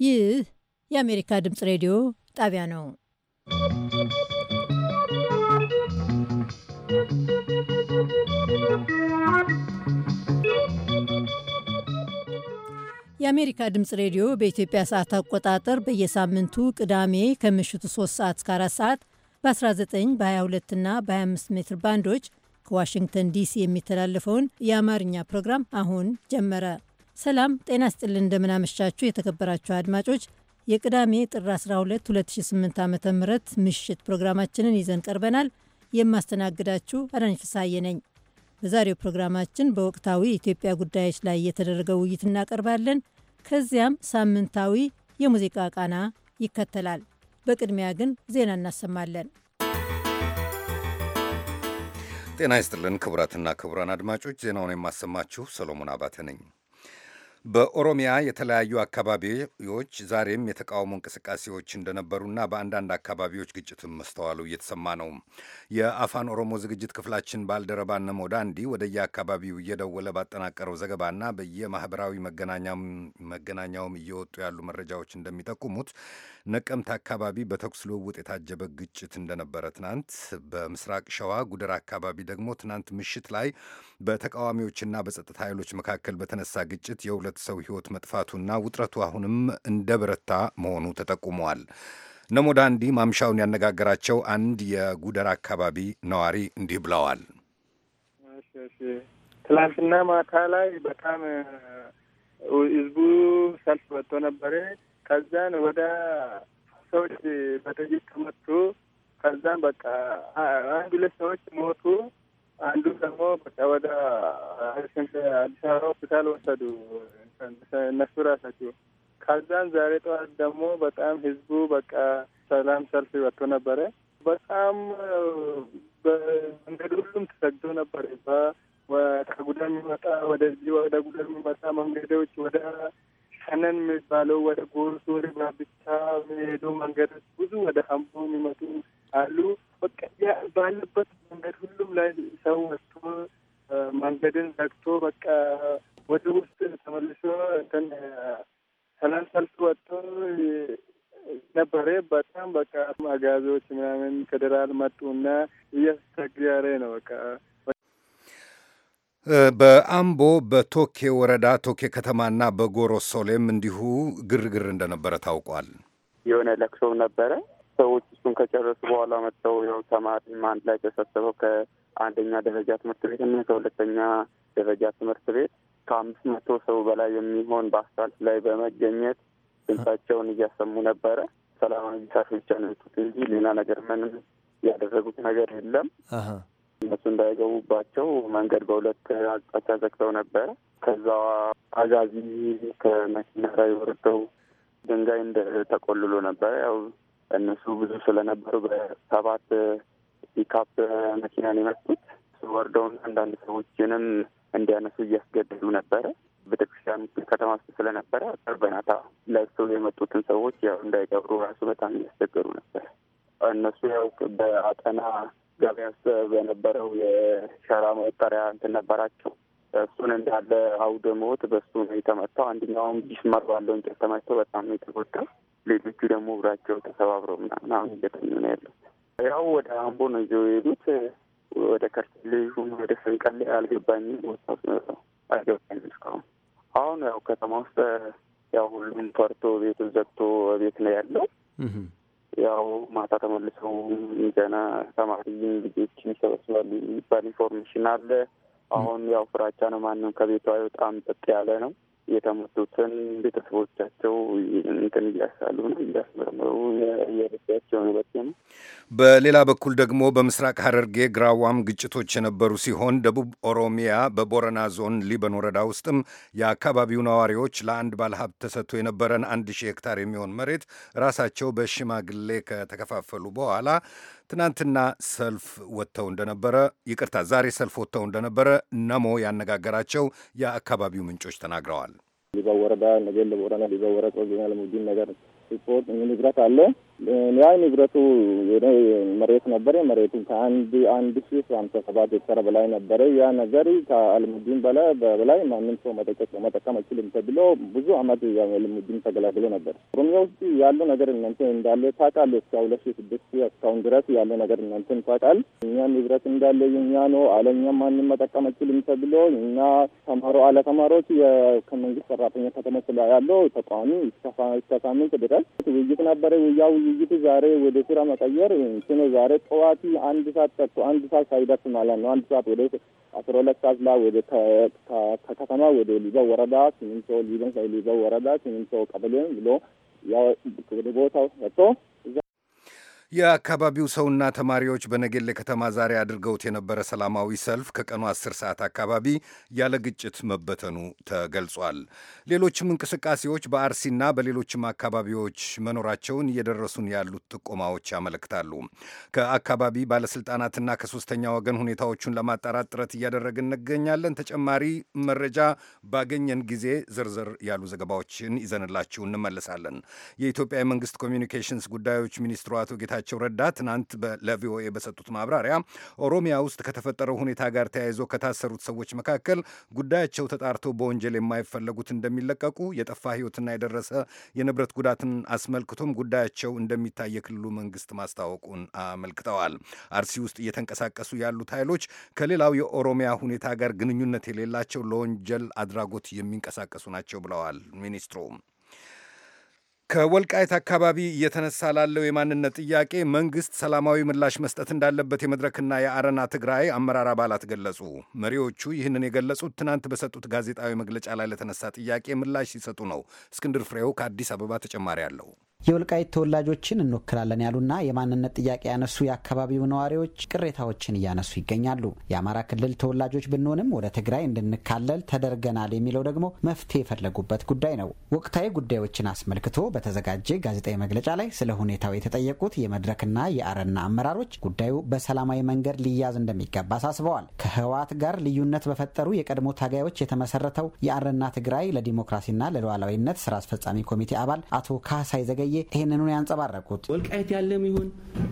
ይህ የአሜሪካ ድምፅ ሬዲዮ ጣቢያ ነው። የአሜሪካ ድምፅ ሬዲዮ በኢትዮጵያ ሰዓት አቆጣጠር በየሳምንቱ ቅዳሜ ከምሽቱ 3 ሰዓት እስከ 4 ሰዓት በ19 በ22 እና በ25 ሜትር ባንዶች ከዋሽንግተን ዲሲ የሚተላለፈውን የአማርኛ ፕሮግራም አሁን ጀመረ። ሰላም ጤና ስጥልን፣ እንደምናመሻችሁ የተከበራችሁ አድማጮች የቅዳሜ ጥር 12 2008 ዓ ም ምሽት ፕሮግራማችንን ይዘን ቀርበናል። የማስተናግዳችሁ አዳኝ ፍሳዬ ነኝ። በዛሬው ፕሮግራማችን በወቅታዊ የኢትዮጵያ ጉዳዮች ላይ የተደረገ ውይይት እናቀርባለን። ከዚያም ሳምንታዊ የሙዚቃ ቃና ይከተላል። በቅድሚያ ግን ዜና እናሰማለን። ጤና ይስጥልን ክቡራትና ክቡራን አድማጮች፣ ዜናውን የማሰማችሁ ሰሎሞን አባተ ነኝ። በኦሮሚያ የተለያዩ አካባቢዎች ዛሬም የተቃውሞ እንቅስቃሴዎች እንደነበሩና በአንዳንድ አካባቢዎች ግጭትም መስተዋሉ እየተሰማ ነው። የአፋን ኦሮሞ ዝግጅት ክፍላችን ባልደረባ ነሞ ዳንዲ ወደየአካባቢው እየደወለ ባጠናቀረው ዘገባና በየማህበራዊ መገናኛውም እየወጡ ያሉ መረጃዎች እንደሚጠቁሙት ነቀምት አካባቢ በተኩስ ልውውጥ የታጀበ ግጭት እንደነበረ ትናንት፣ በምስራቅ ሸዋ ጉደር አካባቢ ደግሞ ትናንት ምሽት ላይ በተቃዋሚዎችና በጸጥታ ኃይሎች መካከል በተነሳ ግጭት የሁለት ሰው ሕይወት መጥፋቱና ውጥረቱ አሁንም እንደበረታ መሆኑ ተጠቁመዋል። ነሞ ዳንዲ ማምሻውን ያነጋገራቸው አንድ የጉደር አካባቢ ነዋሪ እንዲህ ብለዋል። ትላንትና ማታ ላይ በጣም ህዝቡ ሰልፍ ወጥቶ ነበረ። ከዛን ወደ ሰዎች በጥይት ተመቱ። ከዛን በቃ አንድ ሁለት ሰዎች ሞቱ። አንዱ ደግሞ በቃ ወደ አዲስ አበባ ሆስፒታል ወሰዱ እነሱ ራሳቸው። ከዛን ዛሬ ጠዋት ደግሞ በጣም ህዝቡ በቃ ሰላም ሰልፍ ወጥቶ ነበረ። በጣም መንገድ ሁሉም ተሰግዶ ነበር። ከጉዳ የሚመጣ ወደዚህ ወደ ጉዳ የሚመጣ መንገዶች ወደ ቀነን የሚባለው ወደ ጎርሱ ወደ ባብቻ ሄዶ መንገድ ብዙ ወደ ሀምቦ የሚመጡ አሉ። በቃ ባለበት መንገድ ሁሉም ላይ ሰው ወጥቶ መንገድን ዘግቶ በቃ ወደ ውስጥ ተመልሶ እንትን ሰላም ሰልፍ ወጥቶ ነበረ። በጣም በቃ አጋዞች ምናምን ከደራል መጡና እያስቸገረ ነው በቃ በአምቦ በቶኬ ወረዳ ቶኬ ከተማና በጎሮ ሶሌም እንዲሁ ግርግር እንደነበረ ታውቋል። የሆነ ለቅሶም ነበረ። ሰዎች እሱን ከጨረሱ በኋላ መጥተው ያው ተማሪም አንድ ላይ ተሰብስበው ከአንደኛ ደረጃ ትምህርት ቤት እና ከሁለተኛ ደረጃ ትምህርት ቤት ከአምስት መቶ ሰው በላይ የሚሆን በአስፋልት ላይ በመገኘት ድምጻቸውን እያሰሙ ነበረ። ሰላማዊ ሰልፍ ብቻ ነው እንጂ ሌላ ነገር ምንም ያደረጉት ነገር የለም። እነሱ እንዳይገቡባቸው መንገድ በሁለት አቅጣጫ ዘግተው ነበረ። ከዛ አጋዚ ከመኪና ላይ ወርደው ድንጋይ ተቆልሎ ነበረ። ያው እነሱ ብዙ ስለነበሩ በሰባት ፒካፕ መኪና ነው የመጡት። ወርደውና አንዳንድ ሰዎችንም እንዲያነሱ እያስገደዱ ነበረ። ቤተክርስቲያን ከተማ ውስጥ ስለነበረ ቅርበናታ ለብሰው የመጡትን ሰዎች ያው እንዳይቀብሩ ራሱ በጣም እያስቸገሩ ነበር። እነሱ ያው በአጠና ገበያ ውስጥ በነበረው የሸራ መወጠሪያ እንትን ነበራቸው። እሱን እንዳለ አውድመውት በሱ ነው የተመታው። አንደኛውም ቢስመር ባለው እንጨት ተመትቶ በጣም ነው የተጎዳው። ሌሎቹ ደግሞ እግራቸው ተሰባብረው ምናምን ገጠኙ ነው ያለው። ያው ወደ አምቦ ነው ይዘው የሄዱት። ወደ ከርቸሌ ይሁን ወደ ሰንቀሌ አልገባኝም፣ ቦታው አልገባኝም እስካሁን። አሁን ያው ከተማ ውስጥ ያው ሁሉም ፈርቶ ቤቱን ዘግቶ ቤት ነው ያለው። ያው ማታ ተመልሰው ገና ተማሪም ልጆች ይሰበስባሉ የሚባል ኢንፎርሜሽን አለ። አሁን ያው ፍራቻ ነው። ማንም ከቤቷ አይወጣም። ጥጥ ያለ ነው። የተመቱትን ቤተሰቦቻቸው እንትን እያሳሉ ነው እያስመርምሩ የርዳቸውን በት ነው። በሌላ በኩል ደግሞ በምስራቅ ሐረርጌ ግራዋም ግጭቶች የነበሩ ሲሆን ደቡብ ኦሮሚያ በቦረና ዞን ሊበን ወረዳ ውስጥም የአካባቢው ነዋሪዎች ለአንድ ባለሀብት ተሰጥቶ የነበረን አንድ ሺህ ሄክታር የሚሆን መሬት ራሳቸው በሽማግሌ ከተከፋፈሉ በኋላ ትናንትና ሰልፍ ወጥተው እንደነበረ ይቅርታ፣ ዛሬ ሰልፍ ወጥተው እንደነበረ ነሞ ያነጋገራቸው የአካባቢው ምንጮች ተናግረዋል። ሊባ ወረዳ ነገሌ ቦረና ሊባ ወረዳ ለሙዲን ነገር ሪፖርት ንብረት አለ ያ ንብረቱ መሬት ነበረ። መሬቱ ከአንድ አንድ ሺ ሀምሳ ሰባት ሄክታር በላይ ነበረ። ያ ነገር ከአልሙዲን በላይ በላይ ማንም ሰው መጠቀም አይችልም ተብሎ ብዙ አመት አልሙዲን ተገላግሎ ነበር። ኦሮሚያ ውስጥ ያሉ ነገር እናንተ እንዳለ ታውቃል። እስከ ሁለት ሺ ስድስት እስካሁን ድረስ ያለ ነገር እናንተን ታውቃል። እኛ ንብረት እንዳለ የኛ ነው አለኛ ማንም መጠቀም አይችልም ተብሎ እኛ ተማሮ አለ ተማሮች ከመንግስት ሰራተኛ ከተመስላ ያለው ተቃዋሚ እስከ ሳምንት ድረስ ውይይት ነበረ ውያው ውይይት ዛሬ ወደ ስራ መቀየር ስነ ዛሬ ጠዋት አንድ ሰዓት ጠጥቶ አንድ ሰዓት ሳይደርስ ማለት ነው አንድ ሰዓት ወደ አስራ ሁለት ሰዓት ላይ ወደ ከከተማ ወደ ሊዛ ወረዳ ስምንት ሰው ሊዘን ሳይ ሊዛ ወረዳ ስምንት ሰው ቀበሌ ብሎ ወደ ቦታው ሰጥቶ የአካባቢው ሰውና ተማሪዎች በነገሌ ከተማ ዛሬ አድርገውት የነበረ ሰላማዊ ሰልፍ ከቀኑ 10 ሰዓት አካባቢ ያለ ግጭት መበተኑ ተገልጿል። ሌሎችም እንቅስቃሴዎች በአርሲና በሌሎችም አካባቢዎች መኖራቸውን እየደረሱን ያሉት ጥቆማዎች ያመለክታሉ። ከአካባቢ ባለስልጣናትና ከሶስተኛ ወገን ሁኔታዎቹን ለማጣራት ጥረት እያደረግን እንገኛለን። ተጨማሪ መረጃ ባገኘን ጊዜ ዝርዝር ያሉ ዘገባዎችን ይዘንላችሁ እንመለሳለን። የኢትዮጵያ የመንግስት ኮሚኒኬሽንስ ጉዳዮች ሚኒስትሩ አቶ ጌታ ጌታቸው ረዳ ትናንት ለቪኦኤ በሰጡት ማብራሪያ ኦሮሚያ ውስጥ ከተፈጠረው ሁኔታ ጋር ተያይዞ ከታሰሩት ሰዎች መካከል ጉዳያቸው ተጣርቶ በወንጀል የማይፈለጉት እንደሚለቀቁ የጠፋ ሕይወትና የደረሰ የንብረት ጉዳትን አስመልክቶም ጉዳያቸው እንደሚታይ የክልሉ መንግስት ማስታወቁን አመልክተዋል። አርሲ ውስጥ እየተንቀሳቀሱ ያሉት ኃይሎች ከሌላው የኦሮሚያ ሁኔታ ጋር ግንኙነት የሌላቸው ለወንጀል አድራጎት የሚንቀሳቀሱ ናቸው ብለዋል ሚኒስትሩ። ከወልቃይት አካባቢ እየተነሳ ላለው የማንነት ጥያቄ መንግስት ሰላማዊ ምላሽ መስጠት እንዳለበት የመድረክና የአረና ትግራይ አመራር አባላት ገለጹ። መሪዎቹ ይህንን የገለጹት ትናንት በሰጡት ጋዜጣዊ መግለጫ ላይ ለተነሳ ጥያቄ ምላሽ ሲሰጡ ነው። እስክንድር ፍሬው ከአዲስ አበባ ተጨማሪ አለው። የወልቃይት ተወላጆችን እንወክላለን ያሉና የማንነት ጥያቄ ያነሱ የአካባቢው ነዋሪዎች ቅሬታዎችን እያነሱ ይገኛሉ። የአማራ ክልል ተወላጆች ብንሆንም ወደ ትግራይ እንድንካለል ተደርገናል የሚለው ደግሞ መፍትሄ የፈለጉበት ጉዳይ ነው። ወቅታዊ ጉዳዮችን አስመልክቶ በተዘጋጀ ጋዜጣዊ መግለጫ ላይ ስለ ሁኔታው የተጠየቁት የመድረክና የአረና አመራሮች ጉዳዩ በሰላማዊ መንገድ ሊያዝ እንደሚገባ አሳስበዋል። ከህወሓት ጋር ልዩነት በፈጠሩ የቀድሞ ታጋዮች የተመሰረተው የአረና ትግራይ ለዲሞክራሲና ለሉዓላዊነት ስራ አስፈጻሚ ኮሚቴ አባል አቶ ካሳይ ዘገ ዘገየ ይህንኑን ያንጸባረቁት። ወልቃይት ያለም ይሁን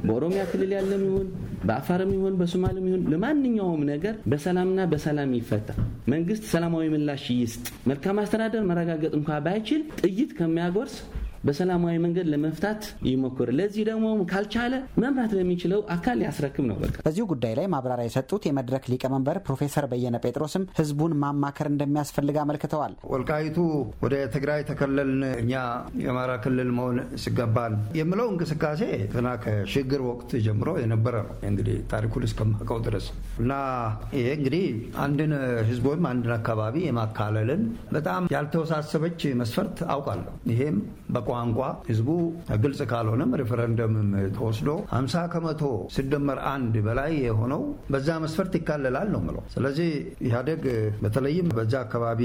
በኦሮሚያ ክልል ያለም ይሁን በአፋርም ይሁን በሶማሌም ይሁን ለማንኛውም ነገር በሰላምና በሰላም ይፈታ። መንግስት ሰላማዊ ምላሽ ይስጥ። መልካም አስተዳደር መረጋገጥ እንኳ ባይችል ጥይት ከሚያጎርስ በሰላማዊ መንገድ ለመፍታት ይሞክር። ለዚህ ደግሞ ካልቻለ መምራት ለሚችለው አካል ያስረክም ነው በቃ። በዚሁ ጉዳይ ላይ ማብራሪያ የሰጡት የመድረክ ሊቀመንበር ፕሮፌሰር በየነ ጴጥሮስም ህዝቡን ማማከር እንደሚያስፈልግ አመልክተዋል። ወልቃይቱ ወደ ትግራይ ተከለልን፣ እኛ የአማራ ክልል መሆን ሲገባን የምለው እንቅስቃሴ ገና ከሽግግር ወቅት ጀምሮ የነበረ ነው እንግዲህ ታሪኩን እስከማውቀው ድረስ እና ይሄ እንግዲህ አንድን ህዝብ ወይም አንድን አካባቢ የማካለልን በጣም ያልተወሳሰበች መስፈርት አውቃለሁ። ይሄም በቋንቋ ህዝቡ ግልጽ ካልሆነም ሪፈረንደምም ተወስዶ 50 ከመቶ ሲደመር አንድ በላይ የሆነው በዛ መስፈርት ይካለላል ነው ምለው። ስለዚህ ኢህአዴግ በተለይም በዛ አካባቢ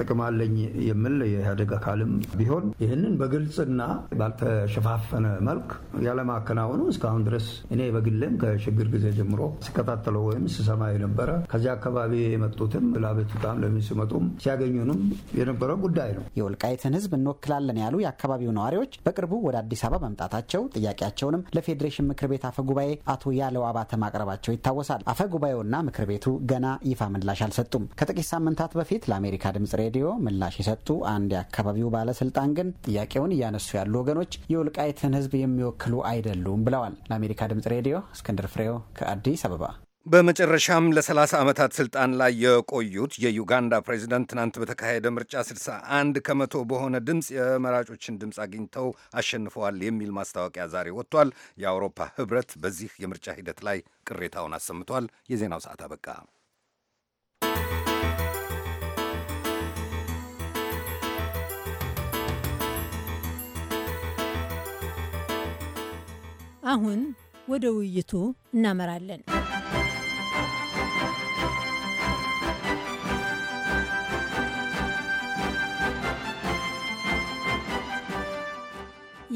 ጥቅም አለኝ የሚል የኢህአዴግ አካልም ቢሆን ይህንን በግልጽና ባልተሸፋፈነ መልክ ያለማከናወኑ እስካሁን ድረስ እኔ በግሌም ከችግር ጊዜ ጀምሮ ሲከታተለው ወይም ስሰማ የነበረ ከዚያ አካባቢ የመጡትም ለአቤቱታም ለሚስመጡም ሲያገኙንም የነበረ ጉዳይ ነው። የወልቃይትን ህዝብ እንወክላለን ያሉ የአካባቢው ነዋሪዎች በቅርቡ ወደ አዲስ አበባ መምጣታቸው ጥያቄያቸውንም ለፌዴሬሽን ምክር ቤት አፈ ጉባኤ አቶ ያለው አባተ ማቅረባቸው ይታወሳል። አፈ ጉባኤውና ምክር ቤቱ ገና ይፋ ምላሽ አልሰጡም። ከጥቂት ሳምንታት በፊት ለአሜሪካ ድምጽ ሬዲዮ ምላሽ የሰጡ አንድ የአካባቢው ባለስልጣን ግን ጥያቄውን እያነሱ ያሉ ወገኖች የውልቃይትን ሕዝብ የሚወክሉ አይደሉም ብለዋል። ለአሜሪካ ድምጽ ሬዲዮ እስክንድር ፍሬው ከአዲስ አበባ በመጨረሻም ለ30 ዓመታት ስልጣን ላይ የቆዩት የዩጋንዳ ፕሬዚደንት ትናንት በተካሄደ ምርጫ 61 ከመቶ በሆነ ድምፅ የመራጮችን ድምፅ አግኝተው አሸንፈዋል የሚል ማስታወቂያ ዛሬ ወጥቷል። የአውሮፓ ሕብረት በዚህ የምርጫ ሂደት ላይ ቅሬታውን አሰምቷል። የዜናው ሰዓት አበቃ። አሁን ወደ ውይይቱ እናመራለን።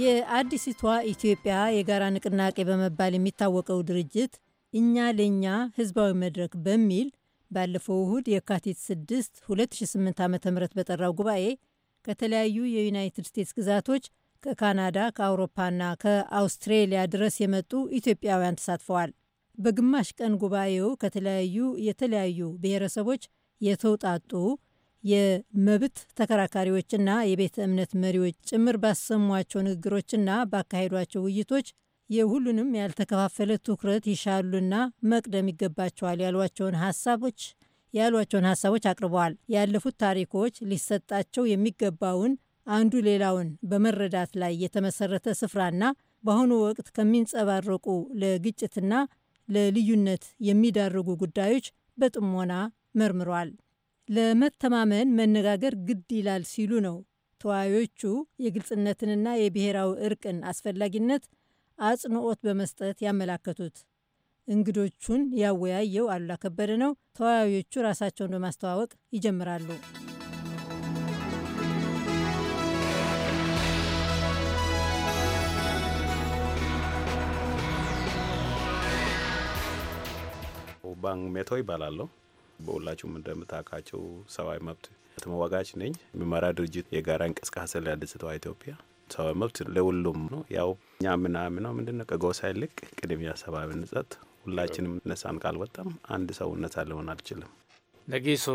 የአዲሲቷ ኢትዮጵያ የጋራ ንቅናቄ በመባል የሚታወቀው ድርጅት እኛ ለእኛ ህዝባዊ መድረክ በሚል ባለፈው እሁድ የካቲት 6 2008 ዓ ም በጠራው ጉባኤ ከተለያዩ የዩናይትድ ስቴትስ ግዛቶች ከካናዳ፣ ከአውሮፓና ከአውስትሬሊያ ድረስ የመጡ ኢትዮጵያውያን ተሳትፈዋል። በግማሽ ቀን ጉባኤው ከተለያዩ የተለያዩ ብሔረሰቦች የተውጣጡ የመብት ተከራካሪዎችና የቤተ እምነት መሪዎች ጭምር ባሰሟቸው ንግግሮችና ባካሄዷቸው ውይይቶች የሁሉንም ያልተከፋፈለ ትኩረት ይሻሉና መቅደም ይገባቸዋል ያሏቸውን ሀሳቦች ያሏቸውን ሀሳቦች አቅርበዋል። ያለፉት ታሪኮች ሊሰጣቸው የሚገባውን አንዱ ሌላውን በመረዳት ላይ የተመሰረተ ስፍራና በአሁኑ ወቅት ከሚንጸባረቁ ለግጭትና ለልዩነት የሚዳርጉ ጉዳዮች በጥሞና መርምሯል። ለመተማመን መነጋገር ግድ ይላል ሲሉ ነው ተወያዮቹ የግልጽነትንና የብሔራዊ እርቅን አስፈላጊነት አጽንኦት በመስጠት ያመላከቱት። እንግዶቹን ያወያየው አሉላ ከበደ ነው። ተወያዮቹ ራሳቸውን በማስተዋወቅ ይጀምራሉ። ባንግ ሜቶ ይባላለሁ። በሁላችሁም እንደምታውቃቸው ሰብአዊ መብት ተመዋጋች ነኝ። የሚመራ ድርጅት የጋራ እንቅስቃሴ ላደስተዋ ኢትዮጵያ ሰብአዊ መብት ለሁሉም ነው። ያው እኛ ምናምነው ምንድን ነው ከጎሳ ይልቅ ቅድሚያ ሰብአዊ ንጸት ሁላችንም ነሳን ካልወጣም አንድ ሰው ነጻ ሊሆን አልችልም። ለጌሶ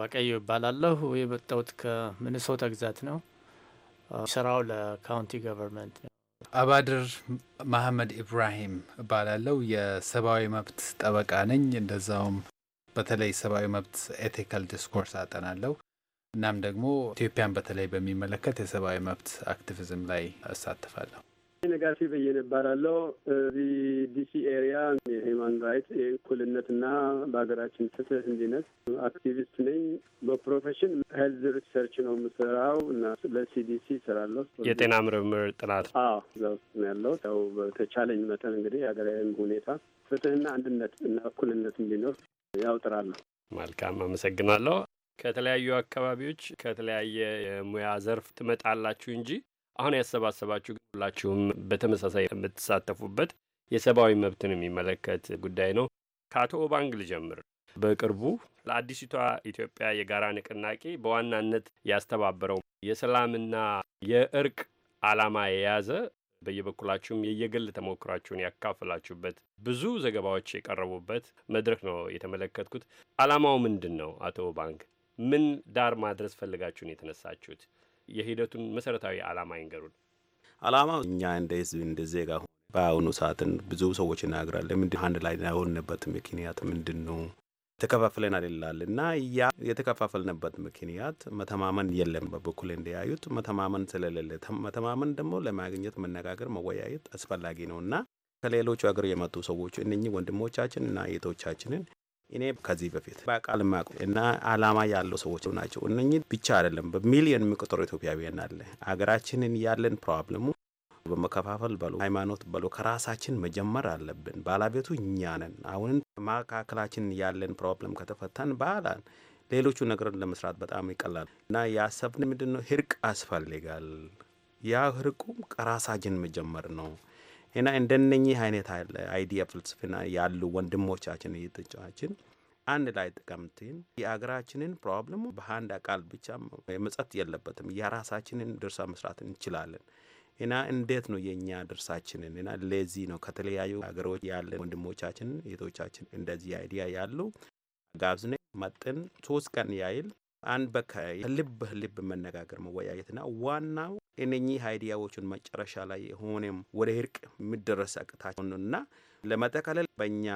ዋቀዮ ይባላለሁ። የመጣሁት ከሚኒሶታ ግዛት ነው። ስራው ለካውንቲ ገቨርንመንት ነው። አባድር መሐመድ ኢብራሂም እባላለሁ። የሰብአዊ መብት ጠበቃ ነኝ። እንደዛውም በተለይ ሰብአዊ መብት ኤቲካል ዲስኮርስ አጠናለው። እናም ደግሞ ኢትዮጵያን በተለይ በሚመለከት የሰብአዊ መብት አክቲቪዝም ላይ እሳተፋለሁ። ነጋሲ በየነ እባላለሁ። እዚህ ዲሲ ኤሪያ የሂውማን ራይት የእኩልነትና በሀገራችን ፍትህ እንዲነት አክቲቪስት ነኝ። በፕሮፌሽን ሄልዝ ሪሰርች ነው የምሰራው እና ለሲዲሲ እሰራለሁ። የጤና ምርምር ጥናት እዛ ውስጥ ነው ያለው። ያው በተቻለኝ መጠን እንግዲህ የሀገራዊ ሁኔታ ፍትህና አንድነት እና እኩልነት እንዲኖር ያውጥራሉ። መልካም አመሰግናለሁ። ከተለያዩ አካባቢዎች ከተለያየ የሙያ ዘርፍ ትመጣላችሁ እንጂ አሁን ያሰባሰባችሁ ሁላችሁም በተመሳሳይ የምትሳተፉበት የሰብአዊ መብትን የሚመለከት ጉዳይ ነው። ከአቶ ኦባንግ ልጀምር። በቅርቡ ለአዲሲቷ ኢትዮጵያ የጋራ ንቅናቄ በዋናነት ያስተባበረው የሰላምና የእርቅ ዓላማ የያዘ በየበኩላችሁም የየግል ተሞክሯችሁን ያካፍላችሁበት ብዙ ዘገባዎች የቀረቡበት መድረክ ነው የተመለከትኩት። አላማው ምንድን ነው? አቶ ባንክ ምን ዳር ማድረስ ፈልጋችሁን የተነሳችሁት? የሂደቱን መሰረታዊ አላማ ይንገሩን። አላማው እኛ እንደ ህዝብ እንደ ዜጋ በአሁኑ ሰዓትን ብዙ ሰዎች ይናገራል። ምንድን አንድ ላይ ናሆንበት ምክንያት ምንድን ነው? ተከፋፍለናል ይላል እና ያ የተከፋፈልንበት ምክንያት መተማመን የለም። በበኩል እንዲያዩት መተማመን ስለሌለ መተማመን ደግሞ ለማግኘት መነጋገር፣ መወያየት አስፈላጊ ነው እና ከሌሎቹ ሀገር የመጡ ሰዎች እነኚህ ወንድሞቻችን እና እህቶቻችንን እኔ ከዚህ በፊት በቃል ማቁ እና አላማ ያለው ሰዎች ናቸው። እነኚህ ብቻ አይደለም፣ በሚሊዮን የሚቆጠሩ ኢትዮጵያውያን አለ። ሀገራችንን ያለን ፕሮብለሙ በመከፋፈል በሉ ሃይማኖት በሉ ከራሳችን መጀመር አለብን። ባለቤቱ እኛ ነን። አሁን መካከላችን ያለን ፕሮብለም ከተፈታን በኋላን ሌሎቹ ነገርን ለመስራት በጣም ይቀላል እና ያሰብን ምንድን ነው ህርቅ አስፈልጋል። ያ ህርቁም ከራሳችን መጀመር ነው እና እንደነኚህ አይነት አይዲያ ፍልስፍና ያሉ ወንድሞቻችን እህቶቻችን አንድ ላይ ጥቀምትን የአገራችንን ፕሮብለም በአንድ አቃል ብቻ መጸት የለበትም። የራሳችንን ድርሳ መስራት እንችላለን። እና እንዴት ነው የእኛ ድርሳችንን እና ለዚህ ነው ከተለያዩ ሀገሮች ያለ ወንድሞቻችን እህቶቻችን እንደዚህ አይዲያ ያሉ ጋብዝነ መጥን ሶስት ቀን ያይል አንድ በካ ልብ ልብ መነጋገር መወያየት ና ዋናው እነኚህ አይዲያዎቹን መጨረሻ ላይ ሆኔም ወደ ህርቅ የሚደረስ አቅታቸው እና ለመጠቃለል በእኛ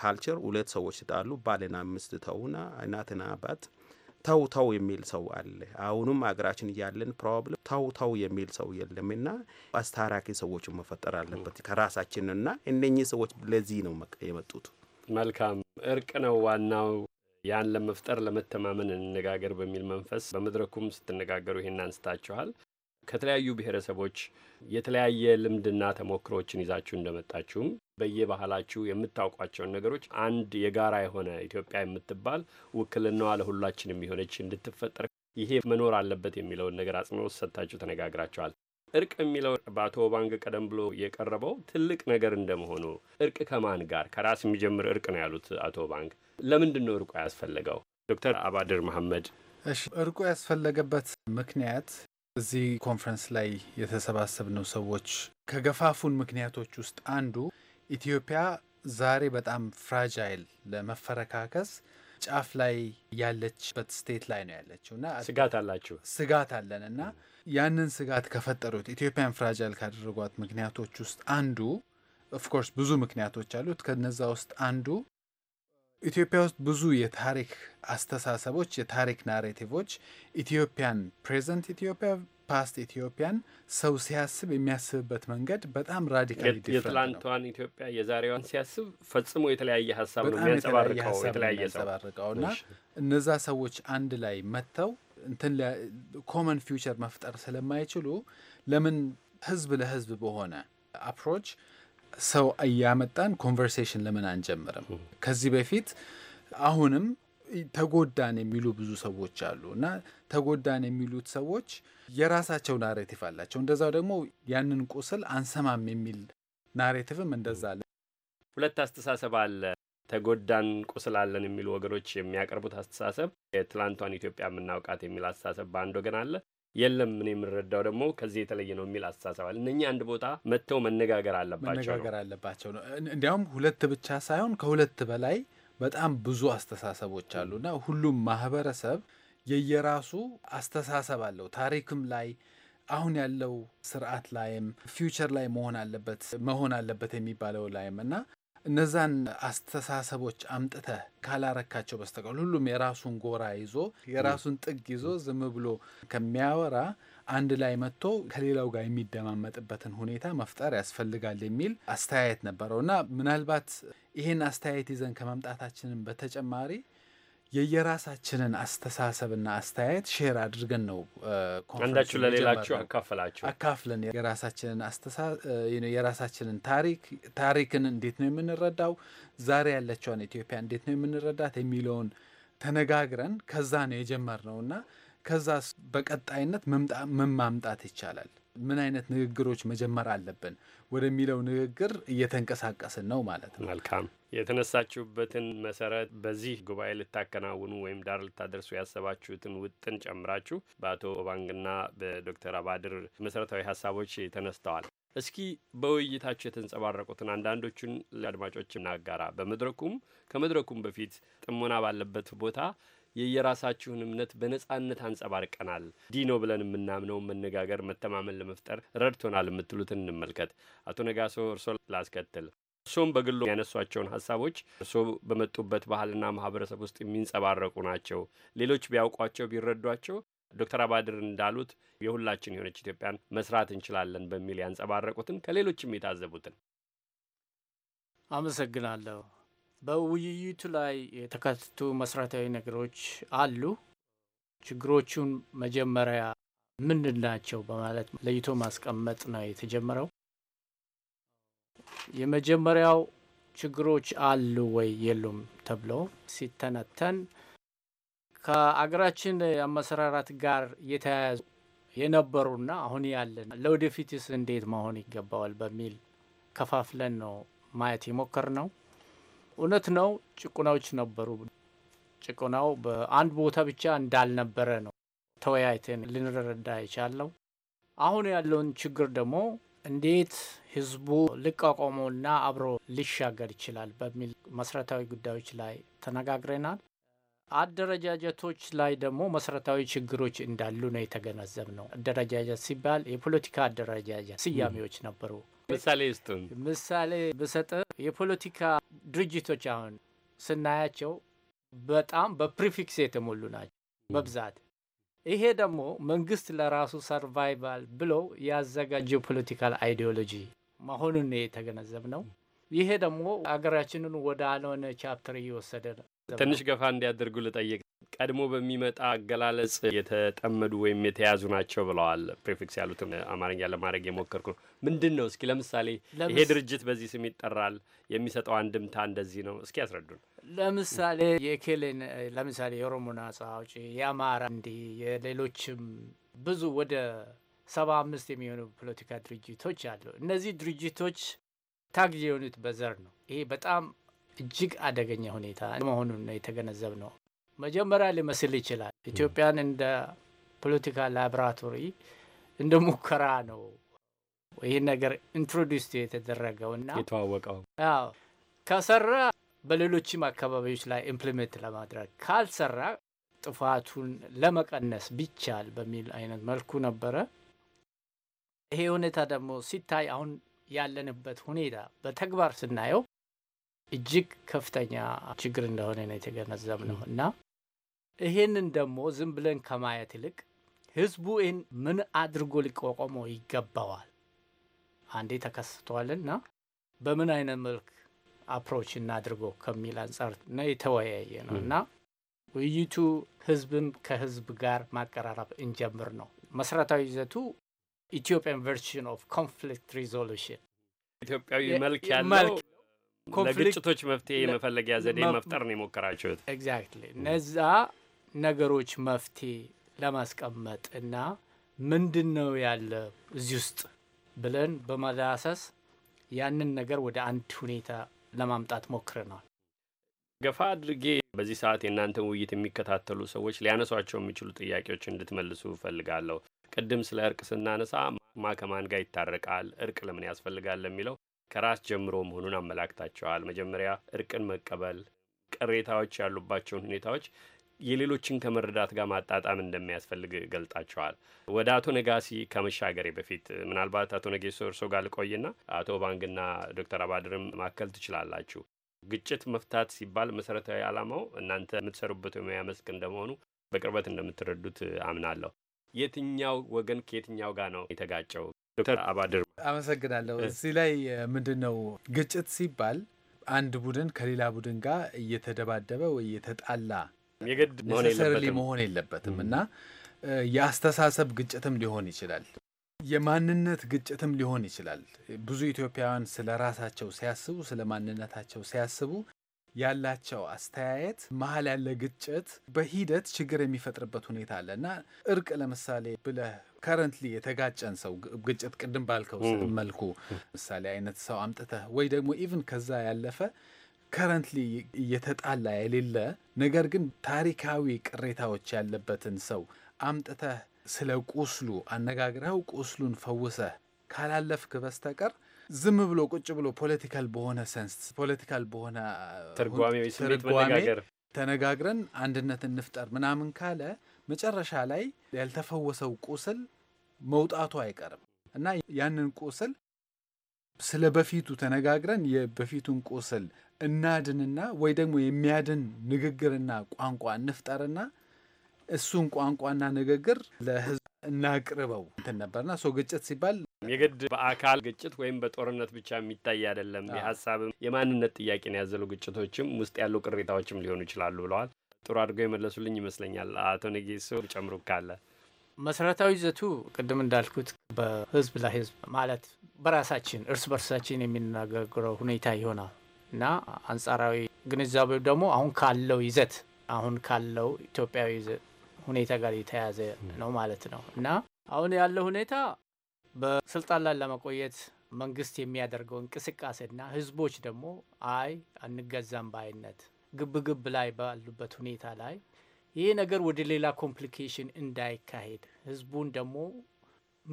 ካልቸር ሁለት ሰዎች ሲጣሉ ባልና ሚስት ተውና እናትና አባት ተው ተው የሚል ሰው አለ። አሁንም አገራችን እያለን ፕሮብለም ተው ተው የሚል ሰው የለም እና አስታራቂ ሰዎች መፈጠር አለበት ከራሳችን እና እነኚህ ሰዎች ለዚህ ነው የመጡት። መልካም እርቅ ነው ዋናው። ያን ለመፍጠር ለመተማመን እንነጋገር በሚል መንፈስ በመድረኩም ስትነጋገሩ ይሄን አንስታችኋል። ከተለያዩ ብሔረሰቦች የተለያየ ልምድና ተሞክሮችን ይዛችሁ እንደመጣችሁም በየባህላችሁ የምታውቋቸውን ነገሮች አንድ የጋራ የሆነ ኢትዮጵያ የምትባል ውክልናዋ ለሁላችን የሚሆነች እንድትፈጠር ይሄ መኖር አለበት የሚለውን ነገር አጽንኦት ሰጥታችሁ ተነጋግራችኋል። እርቅ የሚለው በአቶ ባንክ ቀደም ብሎ የቀረበው ትልቅ ነገር እንደመሆኑ እርቅ ከማን ጋር ከራስ የሚጀምር እርቅ ነው ያሉት አቶ ባንክ። ለምንድን ነው እርቁ ያስፈለገው? ዶክተር አባድር መሐመድ እሺ፣ እርቁ ያስፈለገበት ምክንያት እዚህ ኮንፈረንስ ላይ የተሰባሰብነው ሰዎች ከገፋፉን ምክንያቶች ውስጥ አንዱ ኢትዮጵያ ዛሬ በጣም ፍራጃይል ለመፈረካከስ ጫፍ ላይ ያለችበት ስቴት ላይ ነው ያለችው እና ስጋት አላችሁ ስጋት አለን እና ያንን ስጋት ከፈጠሩት ኢትዮጵያን ፍራጃይል ካደረጓት ምክንያቶች ውስጥ አንዱ ኦፍኮርስ ብዙ ምክንያቶች አሉት። ከነዛ ውስጥ አንዱ ኢትዮጵያ ውስጥ ብዙ የታሪክ አስተሳሰቦች፣ የታሪክ ናሬቲቮች ኢትዮጵያን ፕሬዘንት ኢትዮጵያ ፓስት ኢትዮጵያን ሰው ሲያስብ የሚያስብበት መንገድ በጣም ራዲካል የትላንቷን ኢትዮጵያ የዛሬዋን ሲያስብ ፈጽሞ የተለያየ ሀሳብ ነው የሚያንጸባርቀው እና እነዛ ሰዎች አንድ ላይ መጥተው እንትን ኮመን ፊውቸር መፍጠር ስለማይችሉ ለምን ህዝብ ለህዝብ በሆነ አፕሮች ሰው እያመጣን ኮንቨርሴሽን ለምን አንጀምርም? ከዚህ በፊት አሁንም ተጎዳን የሚሉ ብዙ ሰዎች አሉ እና ተጎዳን የሚሉት ሰዎች የራሳቸው ናሬቲቭ አላቸው። እንደዛው ደግሞ ያንን ቁስል አንሰማም የሚል ናሬቲቭም እንደዛ አለ። ሁለት አስተሳሰብ አለ። ተጎዳን ቁስል አለን የሚሉ ወገኖች የሚያቀርቡት አስተሳሰብ የትላንቷን ኢትዮጵያ የምናውቃት የሚል አስተሳሰብ በአንድ ወገን አለ። የለም ምን የምንረዳው ደግሞ ከዚህ የተለየ ነው የሚል አስተሳሰባል። እነኚህ አንድ ቦታ መጥተው መነጋገር አለባቸው መነጋገር አለባቸው ነው። እንዲያውም ሁለት ብቻ ሳይሆን ከሁለት በላይ በጣም ብዙ አስተሳሰቦች አሉና ሁሉም ማህበረሰብ የየራሱ አስተሳሰብ አለው ታሪክም ላይ አሁን ያለው ስርዓት ላይም ፊውቸር ላይ መሆን አለበት መሆን አለበት የሚባለው ላይም እና እነዛን አስተሳሰቦች አምጥተ ካላረካቸው በስተቀር ሁሉም የራሱን ጎራ ይዞ የራሱን ጥግ ይዞ ዝም ብሎ ከሚያወራ አንድ ላይ መጥቶ ከሌላው ጋር የሚደማመጥበትን ሁኔታ መፍጠር ያስፈልጋል የሚል አስተያየት ነበረው እና ምናልባት ይህን አስተያየት ይዘን ከመምጣታችንን በተጨማሪ የየራሳችንን አስተሳሰብና አስተያየት ሼር አድርገን ነው አንዳችሁ ለሌላችሁ አካፈላችሁ አካፍለን የራሳችንን አስተሳ የራሳችንን ታሪክ ታሪክን እንዴት ነው የምንረዳው፣ ዛሬ ያለችዋን ኢትዮጵያ እንዴት ነው የምንረዳት የሚለውን ተነጋግረን ከዛ ነው የጀመር ነው እና ከዛ በቀጣይነት ምን ማምጣት ይቻላል ምን አይነት ንግግሮች መጀመር አለብን ወደሚለው ንግግር እየተንቀሳቀስን ነው ማለት ነው። መልካም የተነሳችሁበትን መሰረት በዚህ ጉባኤ ልታከናውኑ ወይም ዳር ልታደርሱ ያሰባችሁትን ውጥን ጨምራችሁ በአቶ ኦባንግና በዶክተር አባድር መሰረታዊ ሀሳቦች ተነስተዋል። እስኪ በውይይታቸው የተንጸባረቁትን አንዳንዶቹን ለአድማጮች እናጋራ። በመድረኩም ከመድረኩም በፊት ጥሞና ባለበት ቦታ የየራሳችሁን እምነት በነጻነት አንጸባርቀናል። ዲኖ ነው ብለን የምናምነው መነጋገር፣ መተማመን ለመፍጠር ረድቶናል የምትሉትን እንመልከት። አቶ ነጋሶ እርሶ ላስከትል። እርሶም በግሎ ያነሷቸውን ሀሳቦች እርሶ በመጡበት ባህልና ማህበረሰብ ውስጥ የሚንጸባረቁ ናቸው። ሌሎች ቢያውቋቸው ቢረዷቸው ዶክተር አባድር እንዳሉት የሁላችን የሆነች ኢትዮጵያን መስራት እንችላለን በሚል ያንጸባረቁትን ከሌሎችም የታዘቡትን አመሰግናለሁ። በውይይቱ ላይ የተካተቱ መሰረታዊ ነገሮች አሉ። ችግሮቹን መጀመሪያ ምንድን ናቸው በማለት ለይቶ ማስቀመጥ ነው የተጀመረው። የመጀመሪያው ችግሮች አሉ ወይ የሉም ተብሎ ሲተነተን ከአገራችን አመሰራራት ጋር የተያያዙ የነበሩና አሁን ያለን ለወደፊትስ እንዴት መሆን ይገባዋል በሚል ከፋፍለን ነው ማየት የሞከር ነው። እውነት ነው፣ ጭቁናዎች ነበሩ። ጭቁናው በአንድ ቦታ ብቻ እንዳልነበረ ነው ተወያይተን ልንረዳ የቻለው። አሁን ያለውን ችግር ደግሞ እንዴት ህዝቡ ሊቋቋመውና አብሮ ሊሻገር ይችላል በሚል መሰረታዊ ጉዳዮች ላይ ተነጋግረናል። አደረጃጀቶች ላይ ደግሞ መሰረታዊ ችግሮች እንዳሉ ነው የተገነዘብ ነው። አደረጃጀት ሲባል የፖለቲካ አደረጃጀት ስያሜዎች ነበሩ። ምሳሌ ስጡን። ምሳሌ ብሰጥ የፖለቲካ ድርጅቶች አሁን ስናያቸው በጣም በፕሪፊክስ የተሞሉ ናቸው በብዛት። ይሄ ደግሞ መንግስት ለራሱ ሰርቫይቫል ብሎ ያዘጋጀው ፖለቲካል አይዲዮሎጂ መሆኑን የተገነዘብ ነው። ይሄ ደግሞ አገራችንን ወደ አልሆነ ቻፕተር እየወሰደ ነው። ትንሽ ገፋ እንዲያደርጉ ልጠይቅ። ቀድሞ በሚመጣ አገላለጽ የተጠመዱ ወይም የተያዙ ናቸው ብለዋል። ፕሪፊክስ ያሉትን አማርኛ ለማድረግ የሞከርኩ ነው። ምንድን ነው እስኪ ለምሳሌ ይሄ ድርጅት በዚህ ስም ይጠራል፣ የሚሰጠው አንድምታ እንደዚህ ነው። እስኪ ያስረዱን። ለምሳሌ የኬሌን ለምሳሌ የኦሮሞ ነጻ አውጪ፣ የአማራ እንዲህ የሌሎችም ብዙ ወደ ሰባ አምስት የሚሆኑ ፖለቲካ ድርጅቶች አሉ። እነዚህ ድርጅቶች ታግ የሆኑት በዘር ነው። ይሄ በጣም እጅግ አደገኛ ሁኔታ መሆኑን ነው የተገነዘብ ነው። መጀመሪያ ሊመስል ይችላል ኢትዮጵያን እንደ ፖለቲካ ላብራቶሪ እንደ ሙከራ ነው ይህ ነገር ኢንትሮዲስ የተደረገው እና የተዋወቀው ከሰራ በሌሎችም አካባቢዎች ላይ ኢምፕሊመንት ለማድረግ ካልሰራ ጥፋቱን ለመቀነስ ቢቻል በሚል አይነት መልኩ ነበረ። ይሄ ሁኔታ ደግሞ ሲታይ አሁን ያለንበት ሁኔታ በተግባር ስናየው እጅግ ከፍተኛ ችግር እንደሆነ ነው የተገነዘብ ነው እና ይሄንን ደግሞ ዝም ብለን ከማየት ይልቅ ህዝቡ ይህን ምን አድርጎ ሊቋቋመው ይገባዋል። አንዴ ተከስቷልና በምን አይነት መልክ አፕሮች እናድርጎ ከሚል አንጻር ነው የተወያየ ነው እና ውይይቱ ህዝብን ከህዝብ ጋር ማቀራረብ እንጀምር ነው። መሰረታዊ ይዘቱ ኢትዮጵያን ቨርሽን ኦፍ ኮንፍሊክት ሪዞሉሽን ኢትዮጵያዊ መልክ ያለው ለግጭቶች መፍትሄ የመፈለጊያ ዘዴ መፍጠር ነው የሞከራችሁት። ኤግዛክትሊ እነዛ ነገሮች መፍትሄ ለማስቀመጥ እና ምንድን ነው ያለ እዚህ ውስጥ ብለን በመዳሰስ ያንን ነገር ወደ አንድ ሁኔታ ለማምጣት ሞክረናል። ገፋ አድርጌ በዚህ ሰዓት የእናንተ ውይይት የሚከታተሉ ሰዎች ሊያነሷቸው የሚችሉ ጥያቄዎች እንድትመልሱ እፈልጋለሁ። ቅድም ስለ እርቅ ስናነሳ ማ ከማን ጋር ይታረቃል፣ እርቅ ለምን ያስፈልጋል የሚለው ከራስ ጀምሮ መሆኑን አመላክታቸዋል። መጀመሪያ እርቅን መቀበል፣ ቅሬታዎች ያሉባቸውን ሁኔታዎች የሌሎችን ከመረዳት ጋር ማጣጣም እንደሚያስፈልግ ገልጣቸዋል። ወደ አቶ ነጋሲ ከመሻገሬ በፊት ምናልባት አቶ ነጌሶ እርሶ ጋር ልቆይና አቶ ባንግና ዶክተር አባድርም ማከል ትችላላችሁ። ግጭት መፍታት ሲባል መሰረታዊ ዓላማው እናንተ የምትሰሩበት የሙያ መስክ እንደመሆኑ በቅርበት እንደምትረዱት አምናለሁ። የትኛው ወገን ከየትኛው ጋር ነው የተጋጨው? ዶክተር አባድር አመሰግናለሁ። እዚህ ላይ ምንድን ነው ግጭት ሲባል አንድ ቡድን ከሌላ ቡድን ጋር እየተደባደበ ወይ እየተጣላ የግድ መሆን የለበትም እና የአስተሳሰብ ግጭትም ሊሆን ይችላል፣ የማንነት ግጭትም ሊሆን ይችላል። ብዙ ኢትዮጵያውያን ስለ ራሳቸው ሲያስቡ፣ ስለ ማንነታቸው ሲያስቡ ያላቸው አስተያየት መሀል ያለ ግጭት በሂደት ችግር የሚፈጥርበት ሁኔታ አለ እና እርቅ ለምሳሌ ብለህ ከረንትሊ የተጋጨን ሰው ግጭት ቅድም ባልከው መልኩ ምሳሌ አይነት ሰው አምጥተህ ወይ ደግሞ ኢቭን ከዛ ያለፈ ከረንትሊ እየተጣላ የሌለ ነገር ግን ታሪካዊ ቅሬታዎች ያለበትን ሰው አምጥተህ ስለ ቁስሉ አነጋግረኸው ቁስሉን ፈውሰህ ካላለፍክ በስተቀር ዝም ብሎ ቁጭ ብሎ ፖለቲካል በሆነ ሰንስ ፖለቲካል በሆነ ተነጋግረን አንድነት እንፍጠር ምናምን ካለ መጨረሻ ላይ ያልተፈወሰው ቁስል መውጣቱ አይቀርም እና ያንን ቁስል ስለ በፊቱ ተነጋግረን የበፊቱን ቁስል እናድንና ወይ ደግሞ የሚያድን ንግግርና ቋንቋ እንፍጠርና እሱን ቋንቋና ንግግር ለህዝብ እናቅርበው እንትን ነበርና ሰው ግጭት ሲባል የግድ በአካል ግጭት ወይም በጦርነት ብቻ የሚታይ አይደለም። የሀሳብም የማንነት ጥያቄን ያዘሉ ግጭቶችም ውስጥ ያሉ ቅሬታዎችም ሊሆኑ ይችላሉ ብለዋል። ጥሩ አድርገው የመለሱልኝ ይመስለኛል። አቶ ነጌሶ ጨምሩ ካለ መሰረታዊ ይዘቱ ቅድም እንዳልኩት በህዝብ ለህዝብ ማለት በራሳችን እርስ በርሳችን የሚነጋገረው ሁኔታ ይሆናል እና አንጻራዊ ግንዛቤው ደግሞ አሁን ካለው ይዘት አሁን ካለው ኢትዮጵያዊ ይዘት ሁኔታ ጋር የተያያዘ ነው ማለት ነው እና አሁን ያለው ሁኔታ በስልጣን ላይ ለመቆየት መንግስት የሚያደርገው እንቅስቃሴና ህዝቦች ደግሞ አይ አንገዛም ግብ ግብግብ ላይ ባሉበት ሁኔታ ላይ ይህ ነገር ወደ ሌላ ኮምፕሊኬሽን እንዳይካሄድ ህዝቡን ደግሞ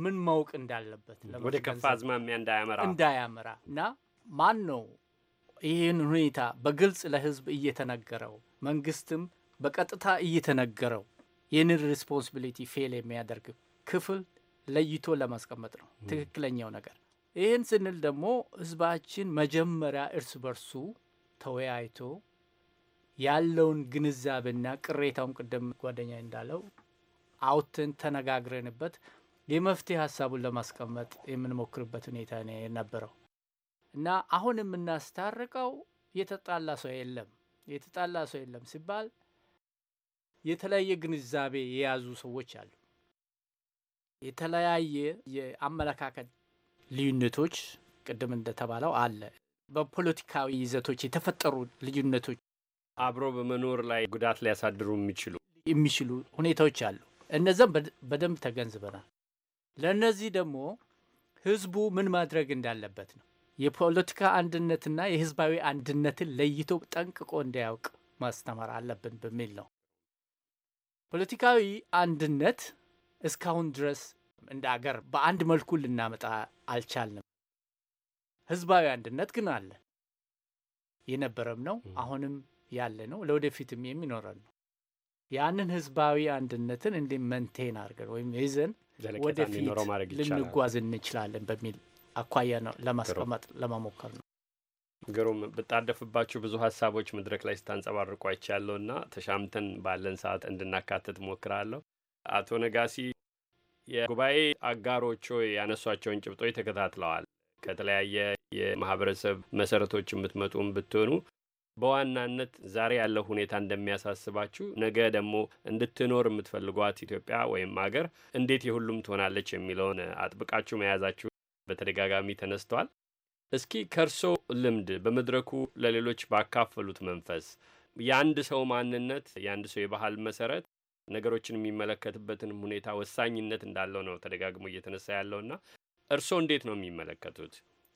ምን ማወቅ እንዳለበት ወደ ከፋ አዝማሚያ እንዳያመራ እንዳያመራ እና ማን ነው ይህን ሁኔታ በግልጽ ለህዝብ እየተነገረው መንግስትም በቀጥታ እየተነገረው ይህንን ሪስፖንሲቢሊቲ ፌል የሚያደርግ ክፍል ለይቶ ለማስቀመጥ ነው ትክክለኛው ነገር። ይህን ስንል ደግሞ ህዝባችን መጀመሪያ እርስ በርሱ ተወያይቶ ያለውን ግንዛቤና ቅሬታውን ቅድም ጓደኛ እንዳለው አውትን ተነጋግረንበት የመፍትሄ ሀሳቡን ለማስቀመጥ የምንሞክርበት ሁኔታ ነው የነበረው እና አሁን የምናስታርቀው የተጣላ ሰው የለም የተጣላ ሰው የለም ሲባል የተለያየ ግንዛቤ የያዙ ሰዎች አሉ። የተለያየ የአመለካከት ልዩነቶች ቅድም እንደተባለው አለ። በፖለቲካዊ ይዘቶች የተፈጠሩ ልዩነቶች አብሮ በመኖር ላይ ጉዳት ሊያሳድሩ የሚችሉ የሚችሉ ሁኔታዎች አሉ። እነዚም በደንብ ተገንዝበናል። ለእነዚህ ደግሞ ህዝቡ ምን ማድረግ እንዳለበት ነው። የፖለቲካ አንድነትና የህዝባዊ አንድነትን ለይቶ ጠንቅቆ እንዲያውቅ ማስተማር አለብን በሚል ነው ፖለቲካዊ አንድነት እስካሁን ድረስ እንደ አገር በአንድ መልኩ ልናመጣ አልቻልንም። ህዝባዊ አንድነት ግን አለ፣ የነበረም ነው፣ አሁንም ያለ ነው፣ ለወደፊትም የሚኖረን ነው። ያንን ህዝባዊ አንድነትን እንዲ መንቴን አድርገን ወይም ይዘን ወደፊት ልንጓዝ እንችላለን በሚል አኳያ ነው ለማስቀመጥ ለመሞከር ነው። ግሩም ብጣደፍባችሁ ብዙ ሀሳቦች መድረክ ላይ ስታንጸባርቁ አይቻለሁ እና ተሻምተን ባለን ሰዓት እንድናካትት ሞክራለሁ። አቶ ነጋሲ የጉባኤ አጋሮቹ ያነሷቸውን ጭብጦች ተከታትለዋል። ከተለያየ የማህበረሰብ መሰረቶች የምትመጡም ብትሆኑ በዋናነት ዛሬ ያለው ሁኔታ እንደሚያሳስባችሁ፣ ነገ ደግሞ እንድትኖር የምትፈልጓት ኢትዮጵያ ወይም ሀገር እንዴት የሁሉም ትሆናለች የሚለውን አጥብቃችሁ መያዛችሁ በተደጋጋሚ ተነስተዋል። እስኪ ከእርሶ ልምድ በመድረኩ ለሌሎች ባካፈሉት መንፈስ የአንድ ሰው ማንነት የአንድ ሰው የባህል መሰረት ነገሮችን የሚመለከትበትን ሁኔታ ወሳኝነት እንዳለው ነው ተደጋግሞ እየተነሳ ያለውና እርስዎ እንዴት ነው የሚመለከቱት?